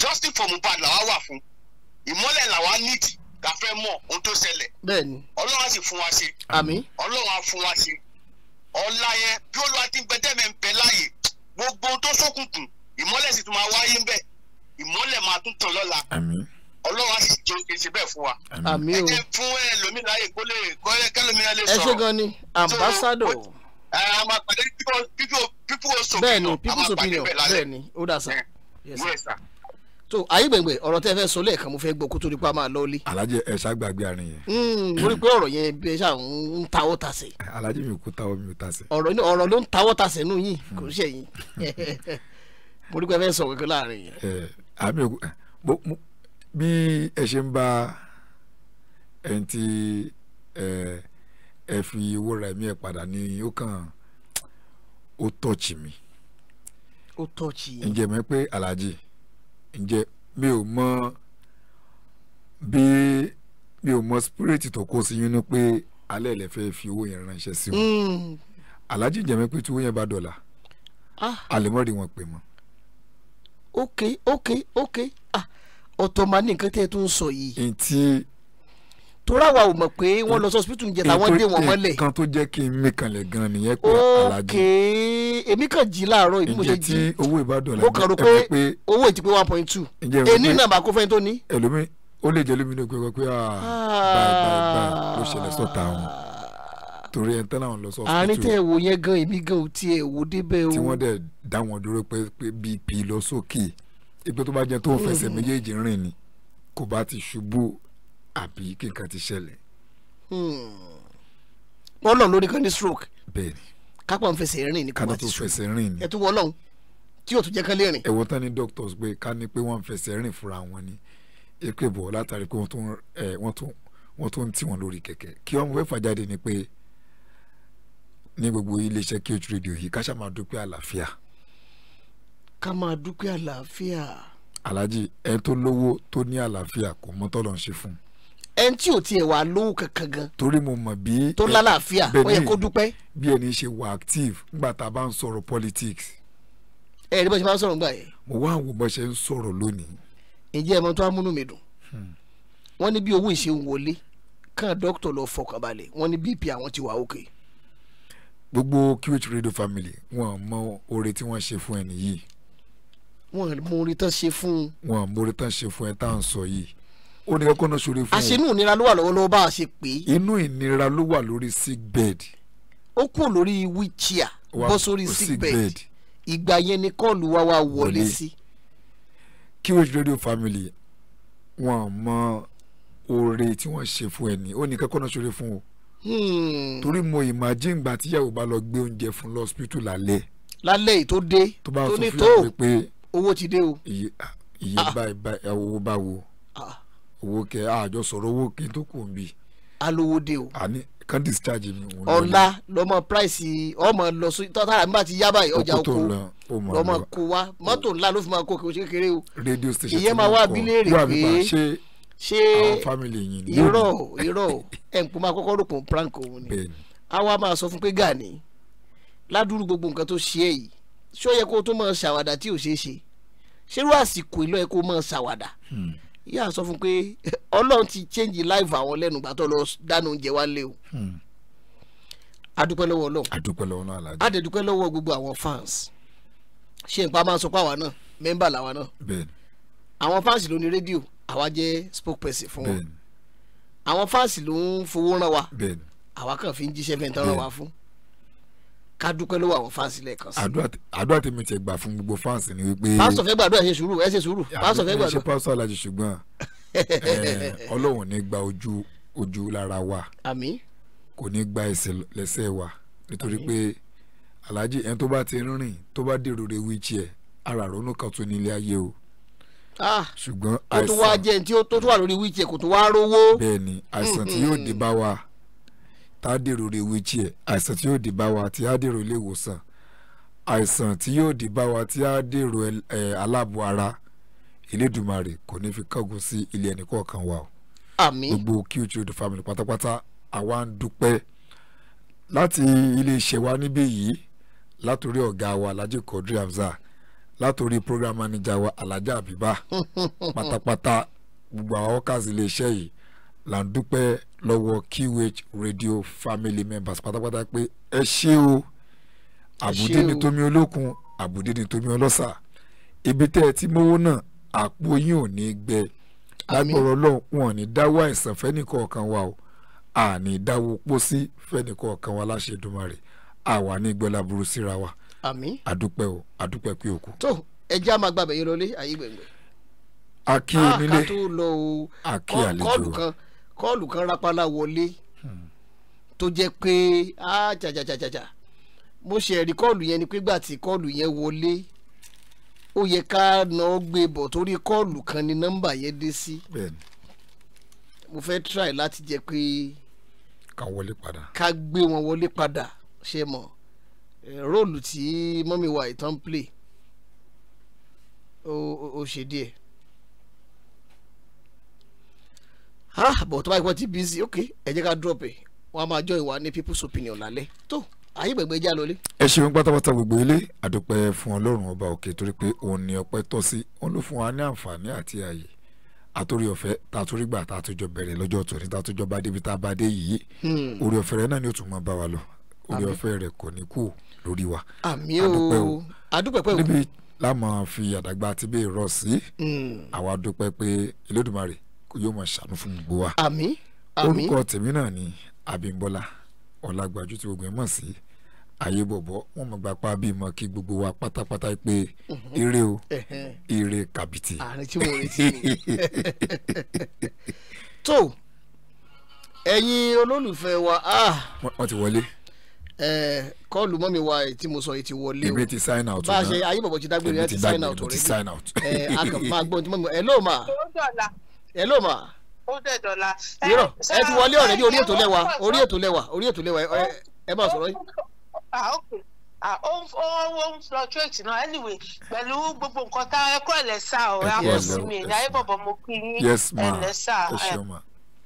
justin for Mohbad làwọn wà fún ìmọ́lẹ̀ làwọn la fẹ́ mọ̀ tó ṣẹlẹ̀ ọlọ́run á sì fún wa ṣe ami ọlọ́run fún wa ṣe ọ̀la yẹn bí olúwa ti ń bẹ dẹ́mẹ̀ ń bẹ láàyè gbogbo tó ṣókùnkùn ìmọ́lẹ̀ sì tún máa wáyé ń bẹ̀ ìmọ́lẹ̀ máa tún tàn lọ́la ọlọ́run á sì jẹ èsì bẹ́ẹ̀ fún wa. o ẹ jẹ́ fún ẹlòmíì láàyè kó lè kọ́lẹ́ kẹlòmíà lè sọ̀rọ̀. ẹ ṣe gan ni ambassador. ẹ a máa pàdé pípò pípò sopinọ. bẹ́ẹ̀ni pípò sopinọ bẹ́ẹ̀ni ó dà sá. yes sir so ayé gbẹ̀ngbẹ̀ ọ̀rọ̀ tẹ́ fẹ́ sọ lẹ́ẹ̀kan mo fẹ́ gbọ́ kó tó di pa máa lọ ilé. alhaji ẹ ṣàgbàgbé àárín yẹn. Hmm, mo rí i pé ọ̀rọ̀ yẹn bí ẹ ṣáà ń tawọ́ tasẹ̀. alhaji mi kò tawọ́ mi ò tasẹ̀. ọ̀rọ̀ ló ń tawọ́ tasẹ̀ nù yín hmm. kò ṣe yín mo rí i pé ẹ fẹ́ sọ kankan láàrin yẹn. Eh, àmì eh, bí ẹ ṣe ń bá ẹni tí eh, ẹ fi wúra ẹ̀mí ẹ̀ padà ni ó kàn ó tọ́ọ̀chì mi. ó tọ́ọ̀chì yẹn. ǹjẹ́ mi pé alhaji ǹjẹ́ mi ò mọ bí mi ò mọ spirit tó kó sí yín ní pé alẹ́ ilẹ̀ fẹ́ fi owó yẹn ránṣẹ́ sí wọn hmm. alájí jẹ́mi pé tí owó yẹn bá dọ̀là àlèmọ́rì ah. wọn pè mọ́. ok ok ok ah, ọ̀tọ̀ máa ní nǹkan tẹ́ ẹ tó ń sọ yìí. ntí torí àwa ò mọ̀ pé wọ́n lọ sọ́sibítù ń jẹ táwọn dé wọn eh, mọ́lẹ̀. nǹkan tó jẹ́ kí n mi kanlẹ̀ gan nìyẹn pé alájọ. ok èmi kàn jí láàárọ̀ èmi mo ṣe jí ìjẹ tí owó ìbádọ́ la ẹ pé owó ìtìpé one point two èní náà bá kó fẹ́ tó ní. ẹlòmí ó lè jẹ́ lómi ní òkú ẹ̀kọ́ pé báyìí báyìí báyìí ló ṣẹlẹ̀ sọ́ta wọn torí ẹni tẹ́lá wọn lọ sọ́sibítù. àárín tẹ́ ẹ̀ wò yẹn gan èmi gan ò tiẹ̀ wò débẹ̀ o. tí wọ́n dẹ̀ dá wọn dúró pé bp lọ sókè ìgbẹ́ tó bá jẹ tó fẹsẹ̀ mm-hmm. méjèèjì rìn ni kò bá ti ṣubú àbí kíkan ti ṣẹlẹ̀. Hmm. wọ́n lọ lórí kan ní stroke. bẹ́ẹ̀ni. kápá ń fẹsẹ̀ rìn ní kọ́mọ̀tì stroke. kápá tó fẹsẹ̀ rìn ni. ẹ tún wọ́n lọ́hùn tí yóò tún jẹ́ kán lè rìn. ẹ̀wọ̀n tán ni doctors pé ká ní pé wọ́n ń fẹsẹ̀ rìn fúnra wọn ni èpè bọ̀ látàrí pé wọ́n tún ń tì wọ́n lórí kẹ̀kẹ́ kí wọ́n fẹ́ fàjáde ni pé ní gbogbo iléeṣẹ́ KH radio yìí ká ṣáà máa dúpẹ́ àlàáfíà. ká máa dúpẹ́ àlàáfíà. alhaji ẹ tó lówó tó ní àlàáfíà kò mọ tọ́lọ́ ṣe fún un ẹni tí ò tiẹ̀ wà lówó kankan gan. torí mo mọ̀ bí. tó lálàáfíà ó yẹ kó dúpẹ́. bí ẹni ṣe wà active nígbà tá a bá ń sọ̀rọ̀ politics. ẹ ẹ ní bó ṣe máa ń sọ̀rọ̀ nígbà yẹn. mo wá àwọn bó ṣe ń sọ̀rọ̀ lónìí. ǹjẹ́ ẹ mọ tó amúnú mi dùn. Hmm. wọ́n ní bí owó ìṣe wọlé kàn dókítà lọ fọkànbalẹ̀ wọ́n ní bp àwọn ti wà òkè. gbogbo QH radio family wọn mọ oore tí wọ́n ṣe fún ẹni yìí. wọn mọ oore tán ṣe fún. wọn mọ oore tán ṣe fún ẹ tá sọ yìí ó ní kọ́kọ́ náà ṣòro fún un. àṣẹ inú ìnira ló wà lọ́wọ́lọ́wọ́ bá a ṣe pé. inú ìnira ló wà lórí sick bed. ó kù lórí wheelchair bọ́ sórí sick bed ìgbà yẹn ni kọ́ọ̀lù wa wá wọlé sí. kí wọ́n ṣe rédíò family wọn mọ oore tí wọ́n ṣe fún ẹni ó ní kọ́kọ́ náà ṣòro fún o. Hmm. torí mo imagine gbà tíyàwó bá lọ gbé oúnjẹ fún lọ́sípítù lálẹ́. lálẹ́ yìí tó dé tó ní tó owó ti dé o. iye ah, ah. báyìí báyìí owó bá wo owó kẹ àjọ sọ̀rọ̀ owó kí n tó kù ń bì. alówóde o. ani kan discharge mi. ọ̀la lọ́mọ price ọmọ lọ sí tọ́tàrà nígbà tí yá báyìí ọjà oko lọ́mọ kó wa mọ́tò ńlá ló fi máa kó kéwòn kékeré o. radio station ìyẹn máa wá bílẹ̀ rè pé ṣé irọ́ irọ́ ẹ̀ ń pọ́n máa kọ́kọ́ rògbòn prank òun ni àwa máa sọ fún pé Gani ládùúrú gbogbo nǹkan tó ṣe é yìí ṣé ó yẹ kó tó máa ṣàwàdà tí ò ṣeé ṣe ṣerú àsìkò ìlọ ẹ kó máa ṣàwàdà hmm ìyá sọ fún pé ọlọ́run ti change life àwọn lẹ́nu gbà lọ dánú oúnjẹ wa lé o hmm. adúpẹ́ lọ́wọ́ ọlọ́run adúpẹ́ lọ́wọ́ náà alájà adẹ̀dúpẹ́ lọ́wọ́ gbogbo àwọn fans ṣé n pa máa sọ pé àwa náà mẹ́mbà làwa náà àwọn fans ló ní rédíò àwa jẹ́ spokesperson fún wọn àwọn fans ló ń fowó ràn wá àwa kàn fi ń jíṣẹ́ fẹ́ntàn ràn wá fún ká dúpẹ́ lọ́wọ́ àwọn fans lẹ́ẹ̀kan sí. àdúrà tèmi tẹ gbà fún gbogbo fans ni wípé. pásítọ̀ fẹ́ gbàdúrà ẹ ṣe sùúrù ẹ ṣe sùúrù pásítọ̀ fẹ́ gbàdúrà. ṣé pásítọ̀ alájí ṣùgbọ́n eh, ọlọ́run ní gba ojú ojú lára wa àmín kò ní gba ẹsẹ̀ lẹ́sẹ̀ wa nítorí pé alájí ẹni tó bá ti rìn tó bá dèrò rẹ̀ wíìchì ẹ̀ ara ronú kan tún ní ilé ayé o ah, ṣùgbọ́n àìsàn tó tún wà lórí wíìchì ẹ̀ kò tún wá rówó. bẹ́ẹ̀ni àìsàn tí mm-hmm. yóò dé bá wa tá a dèrò rè wíjì ẹ̀ àìsàn tí yóò dé bá wa tí a dèrò ilé ìwòsàn àìsàn tí yóò dé bá wa tí a dèrò ẹ̀ aláàbò ara Elédùmarè kò ní fi kángun sí ilé ẹnìkọ̀ọ̀kan wa o. àmín gbogbo QH Road family pátápátá àwa ń dúpẹ́ láti iléeṣẹ́ wa níbí yìí látòrí ọ̀gá wa Alhaji Quadri Hamzat látòrí program manager wa Alhaja Abiba pátápátá gbogbo àwọn kàzí iléeṣẹ́ yìí là ń dúpẹ́ lọ́wọ́ QH radio family members pátápátá pé ẹ ṣé o àbùdí ni tómi olókun àbùdí ni tómi ọlọ́sà ibi tẹ́ ẹ ti mówó náà àpò yín ò ní gbẹ lágbọ̀rọ̀ lọ́hùn wọn ò ní dáwọ́ àìsàn fẹ́nìkọ̀ọ̀kan wa o àní dáwọ́ pósí fẹ́nìkọ̀ọ̀kan wa láṣẹ Èdùmàrè àwa ní gbọ́lá burú síra wa àdúpẹ́ o àdúpẹ́ pé òkú. tó ẹjẹ́ a máa gbàgbé yín lọlé ayé gbẹ̀ngbẹ̀. a kí onílé ah, a kí àlejò kọ́ọ̀lù kọ́ọ̀lù kan rápálá wọlé tó jẹ́ pé ajajajajaja mo ṣe ẹ̀rí kọ́ọ̀lù yẹn ni pé gbà tí kọ́ọ̀lù yẹn wọlé ó yẹ ká nà ó gbé bọ̀ torí kọ́ọ̀lù kan ni nọ́mbà yẹn dé sí mo fẹ́ try láti jẹ́ pé ká wọlé padà ká gbé wọn wọlé padà ṣe mọ̀ róòlù tí mọ́mí wa ìtàn play ó ṣe díẹ̀. ah bọ̀ tó báyìí wọ́n ti busy ok ẹ jẹ́ ká drop ẹ̀ wọ́n á máa join wa ní people's opinion lálẹ́ tó ayé gbẹgbẹ já lọlé. ẹ ṣeun pátápátá gbogbo ilé àdúpẹ́ fún ọlọ́run ọba òkè torí pé òun ni ọpẹ́ tọ́ sí òun ló fún wa ní àǹfààní àti ààyè àtòrí ọ̀fẹ́ tá a torí gbà tá a tó jọ bẹ̀rẹ̀ lọ́jọ́ tòní tá a tó jọ bá débi tá a bá dé yìí hmm. orí ọ̀fẹ́ rẹ náà ni ó tún máa bá wa lọ orí ọ̀fẹ́ rẹ kò ní kú lórí wa. àmì o àdúpẹ́ pẹ́ o. níbi láàmú fi àdàgbà àti bẹ́ẹ̀ rọ̀ sí hmm. àwa dúpẹ́ pé Elédùmarè yóò máa ṣàánú fún gbogbo wa. àmín àmín orúkọ tèmi náà ni Abímbọ́lá Ọlágbájú tí gbogbo ẹ mọ̀ sí ayé bọ̀bọ̀ wọ́n mọ̀ gbapá bíi mọ̀ kí gbogbo wa pátápátá pé ire mhm. o ire kàbìtì. àárín tí mo retí ni. tó ẹ̀yin olólùfẹ́ wa. Ah. wọ́n ti wọlé kọ́ọ̀lù mọ́mi wa tí mo sọ yìí ti wọlé o. èmi ti sign out. bá a ṣe ayé bọ̀bọ̀ ti dágbére ẹ ti sign out rẹ. èmi ti dágbére mo ti sign out. a kàn máa gbọ́ ohun tí mọ́mi wa. ẹ lóò máa. tó dọ̀la ẹ ló mà. ó dẹ̀ dọ̀la. irọ́ ẹ ti wọlé ọ̀rẹ́ ní orí ètò lẹ́wà orí ètò lẹ́wà orí ètò lẹ́wà ẹ má sọ̀rọ̀ yìí. Ah, ah, ó ń fluctuate náà anyway pẹ̀lú gbogbo nǹkan tá ẹ kọ́ ẹ̀lẹ́ sá ọ̀ akọ̀sìmì ẹ̀dá ẹ̀ bọ̀bọ̀ mo kí yín ẹ̀lẹ́ sá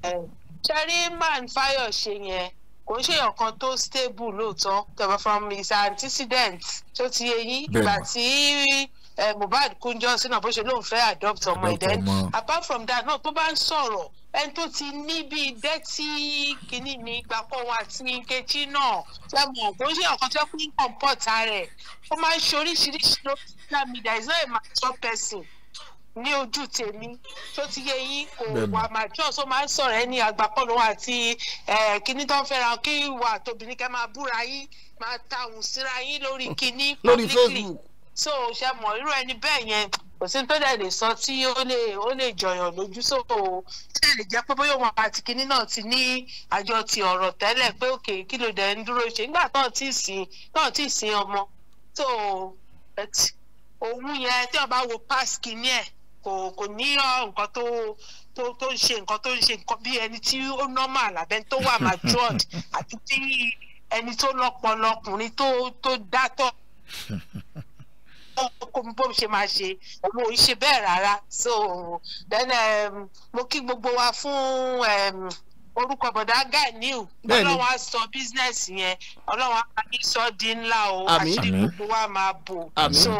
ẹ̀ ṣẹ́rí man Fáyọ̀ṣe yẹn kò ń ṣèyàn kan tó stable lóòótọ́ from his antecedents tó ti yẹ yín ìgbà tí Eh, Mohbad kúnjọ́ sínú bó ṣe lóun fẹ́ adopt ọmọ ẹ̀ apart from that náà tó bá ń sọ̀rọ̀ ẹni tó ti ní bíi dẹ́tí kínní ní ìgbà kan wà náà ṣe mọ̀ bó ṣe ọ̀kan tó kún kọ̀ǹpọ̀tà rẹ̀ ó máa ń ṣe oríṣiríṣi lórí social media is not a mature person ní ojú tèmi tó ti yé yín kò wà mature so máa ń sọ̀rọ̀ ẹni àgbàpọ̀lù àti kínní eh, tó ń fẹ́ra kí wà tóbi ní kẹ́ máa búra yín máa ta òun yín lórí kínní publicly. lórí Facebook so ṣe mọ̀ irú ẹni bẹ́ẹ̀ yẹn kò sí tó dẹ̀ lè sọ tí ó lè ó lè jọyàn lójú so ṣe lè jẹ́ pé bóyá òun àti kinní náà ti ní àjọ ti ọ̀rọ̀ tẹ́lẹ̀ pé òkè kí ló dẹ̀ ń dúró ṣe nígbà náà tí ì sin náà tí ì sin ọmọ so òun yẹn tí wọ́n bá wo pass kinní ẹ̀ kò kò ní nǹkan tó tó tó ń ṣe nǹkan tó ń ṣe nǹkan bí ẹni tí ó normal àbẹ́ni tó wà matured àti tí ẹni tó lọ́pọlọ ọkùnrin tó tó dátọ̀. bó ṣe máa ṣe owó ìṣe bẹ́ẹ̀ rárá so then um, mo kí gbogbo wa fún um, orúkọ bọ̀dá Ganiu ọlọ́wọ́n á sọ bísínẹ́sì yẹn ọlọ́wọ́n á ní sọ di ńlá o àṣírí gbogbo wa máa bò so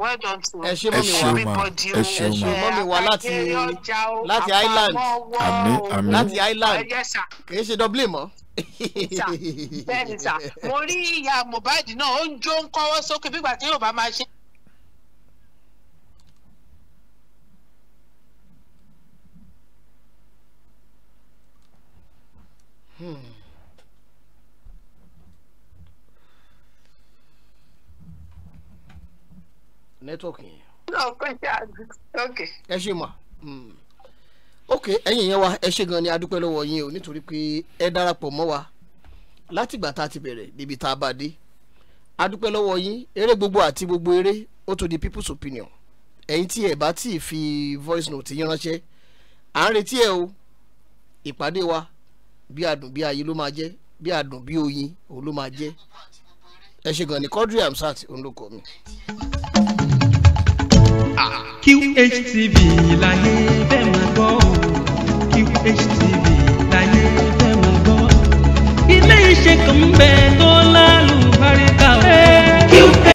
well done to everybody o ẹ ṣe mọ́mi wa láti láti island láti island kì í ṣe dublin mọ́ bẹ́ẹ̀ni sà mo rí ìyá Mohbad náà ó ń jó ń kọ́wọ́ sókè bí ìgbà tí yóò bá máa ṣe network yẹn. náà kọjá ok. ẹ ṣe mà hmm. ok ẹ̀yin yẹn wa ẹ ṣe gan ni a dúpẹ́ lọ́wọ́ yín o nítorí pé ẹ darapọ̀ mọ́ wa látìgbà tá a ti bẹ̀rẹ̀ débi tá a bá dé a lọ́wọ́ yín eré gbogbo àti gbogbo eré ó tún di people's opinion ẹ̀yin tí ẹ bá tí fi voice note yín ránṣẹ́ à ń retí ẹ o ìpàdé wa bí adùn bí ayé ló máa jẹ́ bí adùn bí oyin òun ló máa jẹ́ ẹ ṣe gan ni Quadri Hamzat òun ló kọ mi. QHTV láyé bẹ́ẹ̀ máa gbọ́ QHTV láyé bẹ́ẹ̀ máa gbọ́ ilé iṣẹ́ kan ń bẹ tó lálùbáríkà.